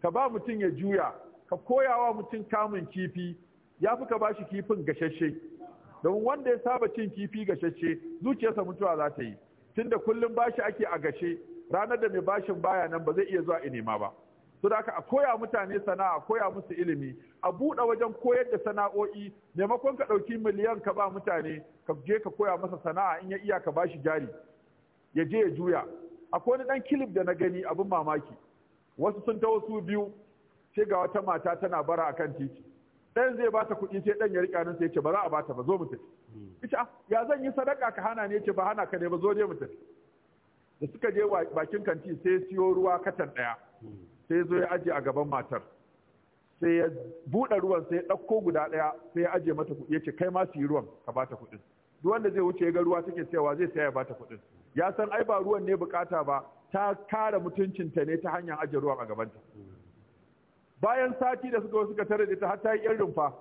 ka ba mutum ya juya ka koyawa mutum kamun kifi ya fi ka ba shi kifin gashashe domin wanda ya saba cin kifi gashashe zuciyarsa mutuwa za ta yi tunda kullum ba shi ake a gashe ranar da mai bashin baya nan ba zai iya zuwa inima ba su da aka koya mutane sana'a koya musu ilimi a buɗe wajen koyar da sana'o'i maimakon ka ɗauki miliyan ka ba mutane ka je ka koya masa sana'a in ya iya ka bashi jari ya je ya juya akwai wani ɗan kilif da na gani abin mamaki wasu sun ta wasu biyu sai ga wata mata tana bara a kan titi ɗayan zai bata kuɗi sai ɗan ya riƙa nan sai ya ce ba za a bata ba zo mu tafi ita hmm. ah, ya zan yi sadaka ka hana ne ya ce ba hana ka ne ba zo ne mu tafi da suka je bakin kanti sai siyo ruwa katan ɗaya sai zo ya aje a gaban matar sai ya buɗe ruwan sai ya ɗauko guda ɗaya sai ya aje mata kuɗi ya ce kai ma su yi ruwan ka bata kuɗin duk wanda zai wuce ya ga ruwa take sayawa zai saya ya bata kuɗin ya san ai ba ruwan ne bukata ba ta kare mutuncinta ne ta hanyar aje ruwan a gabanta bayan sati da suka suka tare da ta har ta yi yan rumfa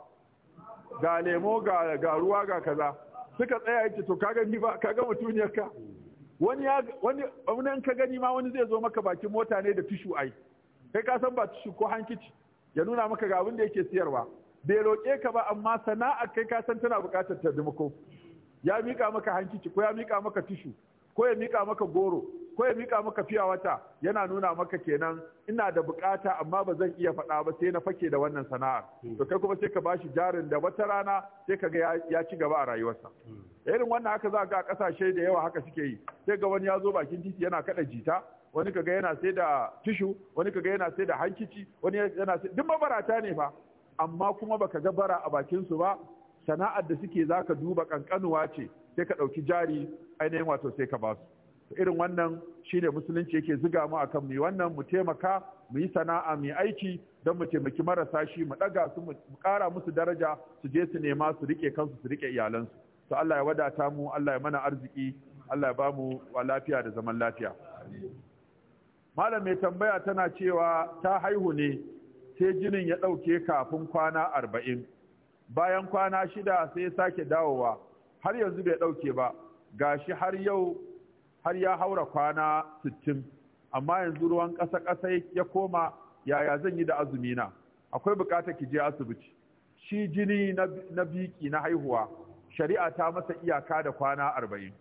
ga lemo ga ruwa ga kaza suka tsaya ce to kaga ni ba kaga mutuniyar ka wani ya wani wani ka gani ma wani zai zo maka bakin mota ne da tushu ai kai ka san ba tishu ko hankici ya nuna maka ga abin da yake siyarwa bai roƙe ka ba amma sana'a kai ka san tana buƙatar ta taimako ya mika maka hankici ko ya mika maka tishu ko ya mika maka goro ko ya mika maka fiya wata yana nuna maka kenan ina da bukata amma ba zan iya faɗa ba sai na fake da wannan sana'ar to kai kuma sai ka bashi jarin da wata rana sai ka ga ya ci gaba a rayuwarsa irin wannan haka za ga kasashe da yawa haka suke yi sai ga wani ya zo bakin titi yana kada jita wani kaga yana sai da tishu wani kaga yana sai da hankici wani yana sai duk mabarata ne fa amma kuma baka ga bara a bakin su ba sana'ar da suke zaka duba kankanuwa ce sai ka dauki jari ainihin wato sai ka ba su irin wannan shine musulunci yake ziga mu akan mu wannan mu taimaka mu yi sana'a mu yi aiki don mu taimaki marasa shi mu ɗaga, su mu kara musu daraja su je su nema su rike kansu su rike iyalansu to Allah ya wadata mu Allah ya mana arziki Allah ya ba mu lafiya da zaman lafiya malam mai tambaya tana cewa ta haihu ne sai jinin ya ɗauke kafin kwana arba'in bayan kwana shida sai ya sake dawowa har yanzu bai ɗauke ba gashi har yau har ya haura kwana sittin amma yanzu ruwan ƙasa ƙasa ya koma yaya zan yi da azumina akwai buƙatar ki je asibiti shi jini na biki na haihuwa shari'a ta masa iyaka da kwana arba'in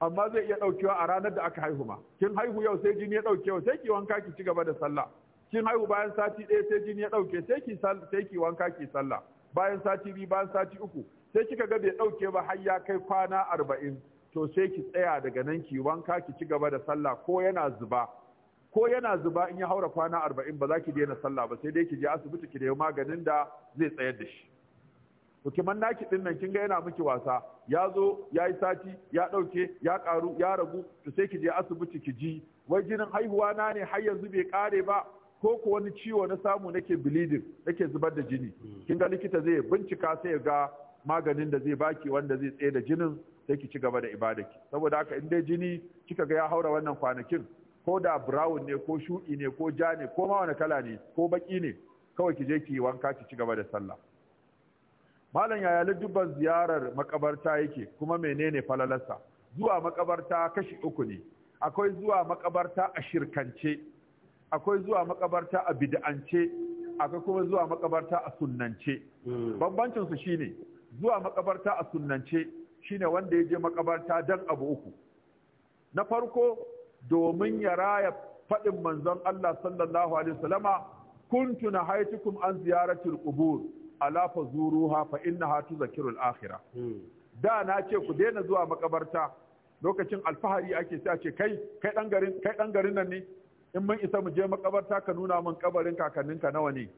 amma zai iya ɗaukewa a ranar da aka haihu ma kin haihu yau sai jini ya ɗauke wa sai ki wanka ki ci gaba da sallah kin haihu bayan sati ɗaya sai jini ya ɗauke sai ki wanka ki sallah bayan sati biyu bayan sati uku sai kika ga bai ɗauke ba har ya kai kwana arba'in to sai ki tsaya daga nan ki wanka ki ci gaba da sallah ko yana zuba ko yana zuba in ya haura kwana arba'in ba za ki daina sallah ba sai dai ki je asibiti ki nemi maganin da zai tsayar da shi to kiman naki din nan kin ga yana miki wasa ya zo ya yi sati ya ɗauke ya ƙaru ya ragu to sai ki je asibiti ki ji wai jinin haihuwa na ne har yanzu bai ƙare ba ko ko wani ciwo na samu nake bleeding nake zubar da jini kin ga likita zai bincika sai ya ga maganin da zai baki wanda zai tsaye da jinin sai ki ci gaba da ibadaki saboda haka in dai jini kika ga ya haura wannan kwanakin ko da brown ne ko shuɗi ne ko ja ne ko ma wani kala ne ko baki ne kawai ki je ki yi wanka ki ci gaba da sallah malam yaya lajjubar ziyarar makabarta yake kuma menene falalarsa zuwa makabarta kashi uku ne akwai zuwa makabarta a shirkance akwai zuwa makabarta a bid'ance akwai kuma zuwa makabarta a sunnance hmm. bambancin su shine zuwa makabarta a sunnance shine wanda ya je makabarta dan abu uku na farko domin ya raya faɗin manzon Allah sallallahu alaihi wasallama kuntu nahaitukum an ziyaratul qubur ala fa zuruha fa innaha tuzakkiru al-akhirah hmm. da na ce ku daina zuwa makabarta lokacin alfahari ake sai ce kai kai dan garin kai dan garin nan ne in mun isa mu je makabarta ka nuna min kabarin kakanninka nawa ne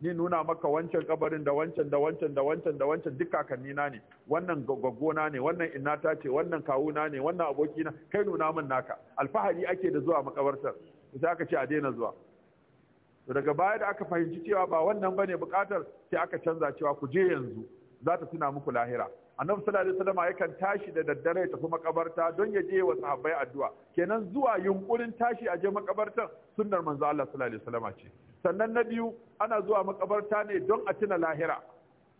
ni nuna maka wancan kabarin da wancan da wancan da wancan da wancan duk kakanni na ne wannan gaggona ne wannan innata ce wannan kawuna ne wannan abokina kai nuna min naka alfahari ake da zuwa makabartar sai aka ce a daina zuwa to daga baya da aka fahimci cewa ba wannan bane bukatar sai aka canza cewa ku je yanzu za ta tuna muku lahira annabi sallallahu alaihi wasallam yakan tashi da daddare ya tafi makabarta don ya je wa sahabbai addu'a kenan zuwa yunkurin tashi a je makabarta sunnar manzo Allah sallallahu alaihi wasallam ce sannan na biyu ana zuwa makabarta ne don a tuna lahira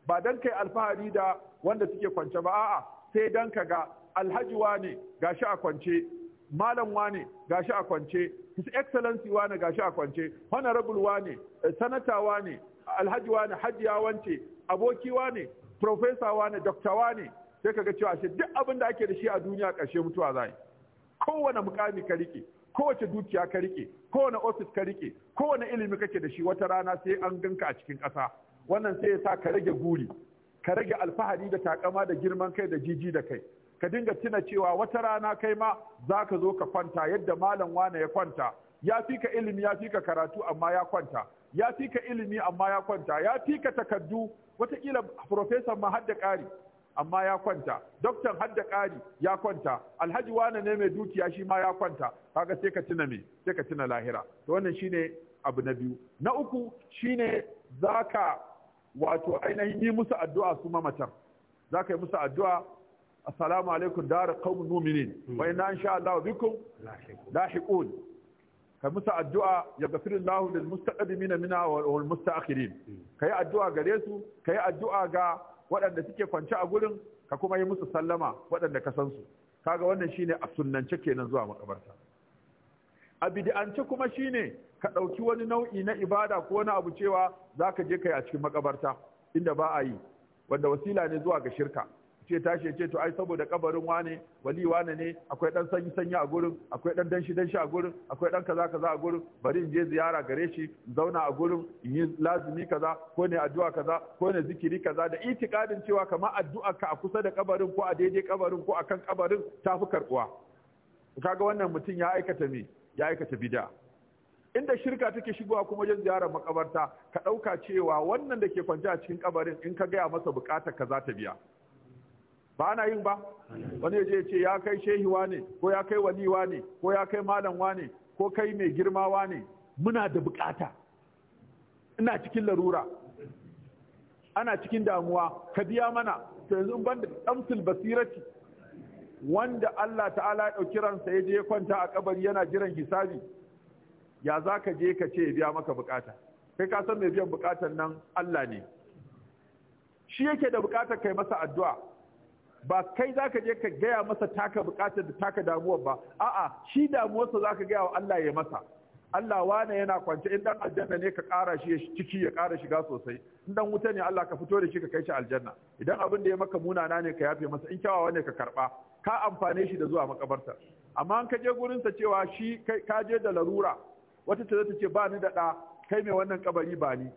ba dan kai alfahari da wanda suke kwance ba a'a sai dan ka ga alhaji ga gashi a kwance malam wane gashi a kwance his excellency wane gashi a kwance honorable wane eh, sanata wane alhaji wane hajiya wance aboki wane professor wane doctor wane sai kaga cewa shi duk abin da ake da shi a duniya ƙarshe mutuwa zai kowane mukami ka rike kowace dukiya ka rike kowane ofis ka rike kowane ilimi kake da shi wata rana sai an ganka a cikin ƙasa wannan sai ya sa ka rage guri ka rage alfahari da takama da girman kai da jiji da kai ka dinga tuna cewa wata rana kai ma za ka zo ka kwanta yadda malam wane ya kwanta ya fi ka ilimi ya fi ka karatu amma ya kwanta ya fi ka ilimi amma ya kwanta ya fi ka takardu watakila profesan ma hadda ƙari amma ya kwanta doktan hadda ƙari ya kwanta alhaji wane ne mai dukiya shi ma ya kwanta kaga sai ka tuna me sai ka tuna lahira to wannan shine abu na biyu na uku shine zaka wato ainihin yi musu addu'a su mamatan zaka yi musu addu'a assalamu alaikum dara qaumun mu'minin bai na sha Allah bikum lahikun ka musa addu'a ya gafirin lahu lil mustaqdimina mina wal ka yi addu'a gare su yi addu'a ga waɗanda suke kwanci a gurin ka kuma yi musu sallama waɗanda ka san su kaga wannan shine a sunnance kenan zuwa makabarta a bid'ance kuma shine ka ɗauki wani nau'i na ibada ko wani abu cewa zaka je yi a cikin makabarta inda ba a yi wanda wasila ne zuwa ga shirka ce tashi ya ce to ai saboda kabarin wane wali wane ne akwai dan sanyi sanyi a gurin akwai dan danshi danshi a gurin akwai dan kaza kaza a gurin bari in je ziyara gare shi in zauna a gurin in yi lazimi kaza ko ne addu'a kaza ko ne zikiri kaza da itikadin cewa kamar addu'a ka a kusa da kabarin ko a daidai kabarin ko akan kabarin fi karbuwa kaga wannan mutum ya aikata me ya aikata bid'a inda shirka take shigowa kuma wajen ziyarar makabarta ka ɗauka cewa wannan da ke kwance a cikin kabarin in ka gaya masa bukatar ka ta biya ba ana yin ba wani ya je ce ya kai shehiwa ne ko ya kai waliwa ne ko ya kai malamwa ne ko kai mai girmawa ne muna da bukata ina cikin larura ana cikin damuwa ka biya mana to yanzu ban da damsul basirati wanda Allah ta'ala ya ɗauki ransa ya je ya kwanta a kabari yana jiran hisabi ya za ka je ka ce ya biya maka bukata kai ka san mai biyan bukatan nan Allah ne shi yake da bukatar kai masa addu'a ba kai za ka je ka gaya masa taka bukatar da taka damuwar ba a'a shi damuwarsa za ka gaya wa Allah ya masa Allah wane yana kwance in dan aljanna ne ka kara shi ciki ya kara shiga sosai in dan wuta ne Allah ka fito da shi ka kai shi aljanna idan abin da ya maka munana ne ka yafe masa in kyawawa ne ka karba ka amfane shi da zuwa makabarta amma in ka je gurin sa cewa shi ka je da larura wata ta ce ba ni da ɗa kai mai wannan kabari ba ni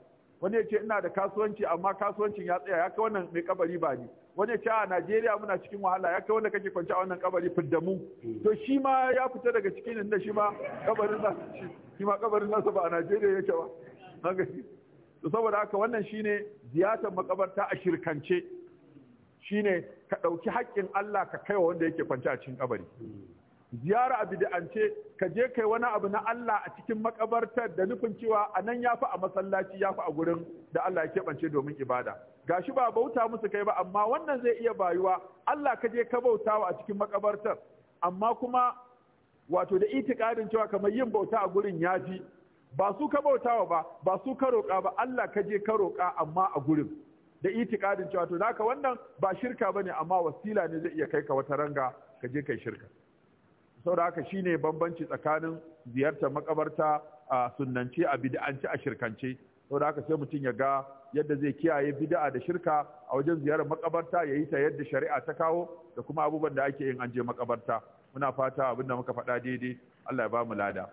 wani ya ce ina da kasuwanci amma kasuwancin ya tsaya ya kai wannan mai kabari ba ni wani ya ce a Najeriya muna cikin wahala ya kai wanda kake kwance a wannan kabari fidda mu to shi ma ya fita daga cikin inda shi ma kabarin nasa shi ma kabarin nasa ba a Najeriya yake ba to saboda haka wannan shine ziyartar makabarta a shirkance shine ka ɗauki haƙƙin Allah ka kai wa wanda yake kwance a cikin kabari ziyara a bid'ance ka je kai wani abu na Allah a cikin makabartar da nufin cewa a nan ya fi a masallaci ya fi a gurin da Allah ya keɓance domin ibada Ga shi ba bauta musu kai ba amma wannan zai iya bayuwa Allah ka je ka bautawa a cikin makabartar amma kuma wato da itikadin cewa kamar yin bauta a gurin ya ji ba su ka bautawa ba ba su ka roƙa ba Allah ka je ka roƙa amma a gurin da itikadin cewa to naka wannan ba shirka ne, amma wasila ne zai iya kai ka wata ranga ka je kai shirka saboda haka shine bambanci tsakanin ziyartar makabarta a sunnance a bid'ance a shirkance saboda haka sai mutum ya ga yadda zai kiyaye bida'a da shirka a wajen ziyarar makabarta ya yi ta yadda shari'a ta kawo da kuma abubuwan da ake yin an je makabarta muna fata abin da muka faɗa daidai Allah ya ba mu lada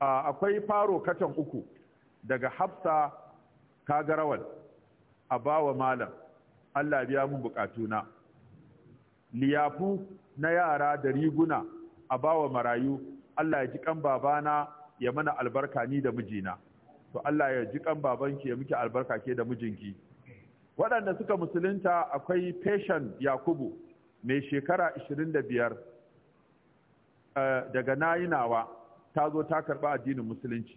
akwai faro katon uku daga hafsa kagarawal a bawa malam Allah biya mun bukatuna liyafu na yara da riguna a bawa marayu Allah ya ji kan babana ya mana albarka ni da mijina to Allah ya ji kan babanki ya miki albarka ke da mijinki waɗanda suka musulunta akwai patient yakubu mai shekara 25 eh, daga nayinawa ta zo ta karɓa addinin musulunci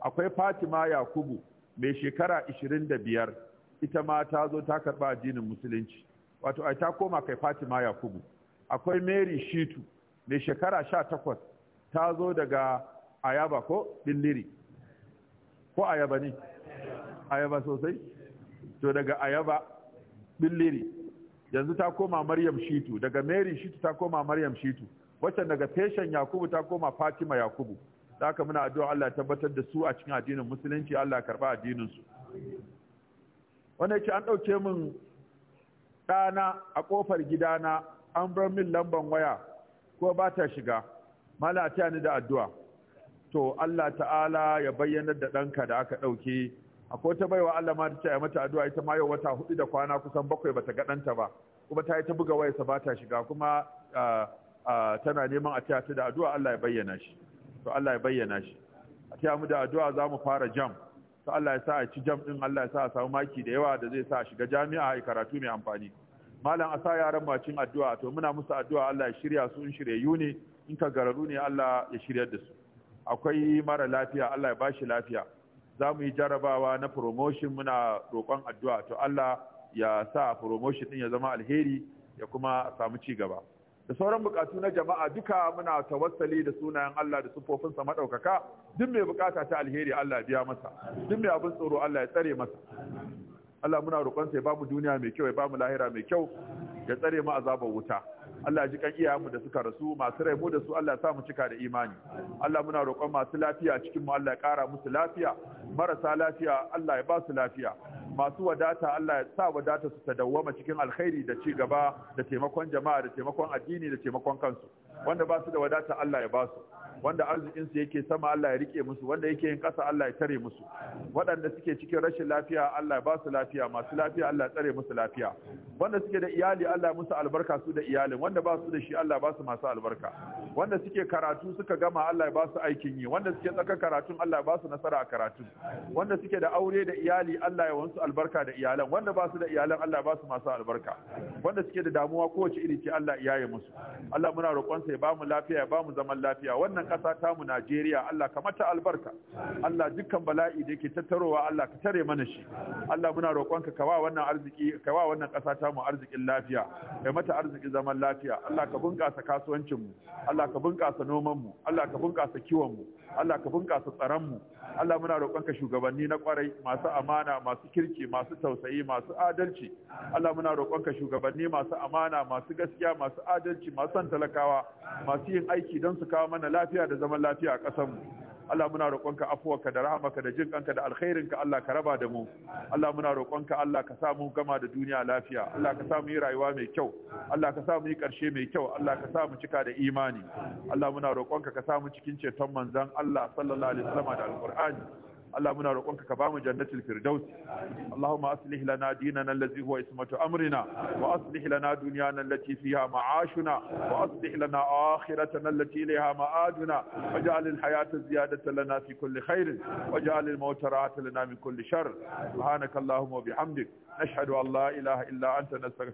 akwai fatima yakubu mai shekara 25 ita ma ta zo ta karɓa addinin musulunci wato ai ta koma kai fatima yakubu akwai mary shitu mai shekara sha takwas ta zo daga ayaba ko dilliri ko ayaba ne ayaba sosai to daga ayaba dilliri yanzu ta koma maryam shitu daga mary shitu ta koma maryam shitu wacce daga feshen yakubu ta koma fatima yakubu ka muna addu'a Allah tabbatar da su a cikin addinin musulunci Allah karba addinin su wanda yace an dauke min ɗana a kofar gidana an bar min lamban waya ko ba ta shiga mala ta ni da addu'a to Allah ta'ala ya bayyanar da danka da aka ɗauke akwai ta baiwa Allah ma ta ce mata addu'a ita ma yau wata hudu da kwana kusan bakwai bata ga danta ba kuma ta yi ta buga wayarsa ba ta shiga kuma tana neman a ta da addu'a Allah ya bayyana shi to Allah ya bayyana shi a ta mu da addu'a za mu fara jam to Allah ya sa a ci jam din Allah ya sa a samu maki da yawa da zai sa a shiga jami'a a karatu mai amfani malam asa yaran macin addu'a to muna musu addu'a Allah ya shirya su in shiryayyu ne in ka gararu ne Allah ya shiryar da su akwai mara lafiya Allah ya bashi lafiya za mu yi jarabawa na promotion muna roƙon addu'a to Allah ya sa promotion din ya zama alheri ya kuma samu ci gaba da sauran bukatu na jama'a duka muna tawassali da sunayen Allah da sufofinsa madaukaka duk mai bukata ta alheri Allah ya biya masa duk mai abin tsoro Allah ya tsare masa Allah muna roƙon ya bamu duniya mai kyau ya bamu lahira mai kyau ya tsare mu azabar wuta Allah ji kan mu da suka rasu masu rai mu da su Allah sa mu cika da imani Allah muna roƙon masu lafiya cikin mu Allah ya ƙara musu lafiya marasa lafiya Allah ya ba su lafiya masu wadata Allah ya sa wadata su dawwama cikin alkhairi da ci gaba da taimakon jama'a da taimakon addini da taimakon kansu wanda ba su da wadata Allah ya ba su wanda arzikinsu yake sama Allah ya rike musu wanda yake yin ƙasa Allah ya tare musu waɗanda suke cikin rashin lafiya Allah ya ba su lafiya masu lafiya Allah ya tsare musu lafiya wanda suke da iyali Allah ya musu albarka su da iyalin wanda ba su da shi Allah ya ba su masu albarka wanda suke karatu suka gama Allah ya ba su aikin yi wanda suke tsaka karatun Allah ya ba su nasara a karatu wanda suke da aure da iyali Allah ya wansu albarka da iyalan wanda ba su da iyalan Allah ya ba su masu albarka wanda suke da damuwa kowace iri ce Allah ya yaye musu Allah muna roƙonsa ya ba mu lafiya ya ba mu zaman lafiya wannan wannan ta mu Najeriya Allah ka mata albarka Allah dukkan bala'i da yake tattarowa Allah ka tare mana shi Allah muna roƙonka ka wa wannan arziki ka wannan ƙasa ta mu arzikin lafiya kai mata arzikin zaman lafiya Allah ka bunƙasa kasuwancin mu Allah ka bunƙasa noman mu Allah ka bunƙasa kiwon mu Allah ka bunƙasa mu Allah muna roƙonka shugabanni na ƙwarai masu amana masu kirki masu tausayi masu adalci Allah muna roƙonka shugabanni masu amana masu gaskiya masu adalci masu son talakawa masu yin aiki don su kawo mana lafiya da zaman lafiya a ƙasar mu Allah muna roƙonka afuwarka da rahamarka da jin kanka da alkhairinka Allah ka raba da mu Allah muna roƙonka Allah ka sa mu gama da duniya lafiya Allah ka sa mu yi rayuwa mai kyau Allah ka sa mu yi ƙarshe mai kyau Allah ka sa mu cika da imani Allah muna roƙonka ka sa mu cikin ceton manzon Allah sallallahu alaihi wasallam da alqur'ani Allah muna roƙonka ka bamu jannatul firdaus Allahumma aslih lana dinana allazi huwa ismatu amrina wa aslih lana dunyana allati fiha ma'ashuna wa aslih lana akhiratana allati ilayha ma'aduna waj'al al-hayata ziyadatan lana fi kulli khair waj'al al rahatan lana min kulli shar subhanaka allahumma wa bihamdik nashhadu an la ilaha illa anta nastaghfiruka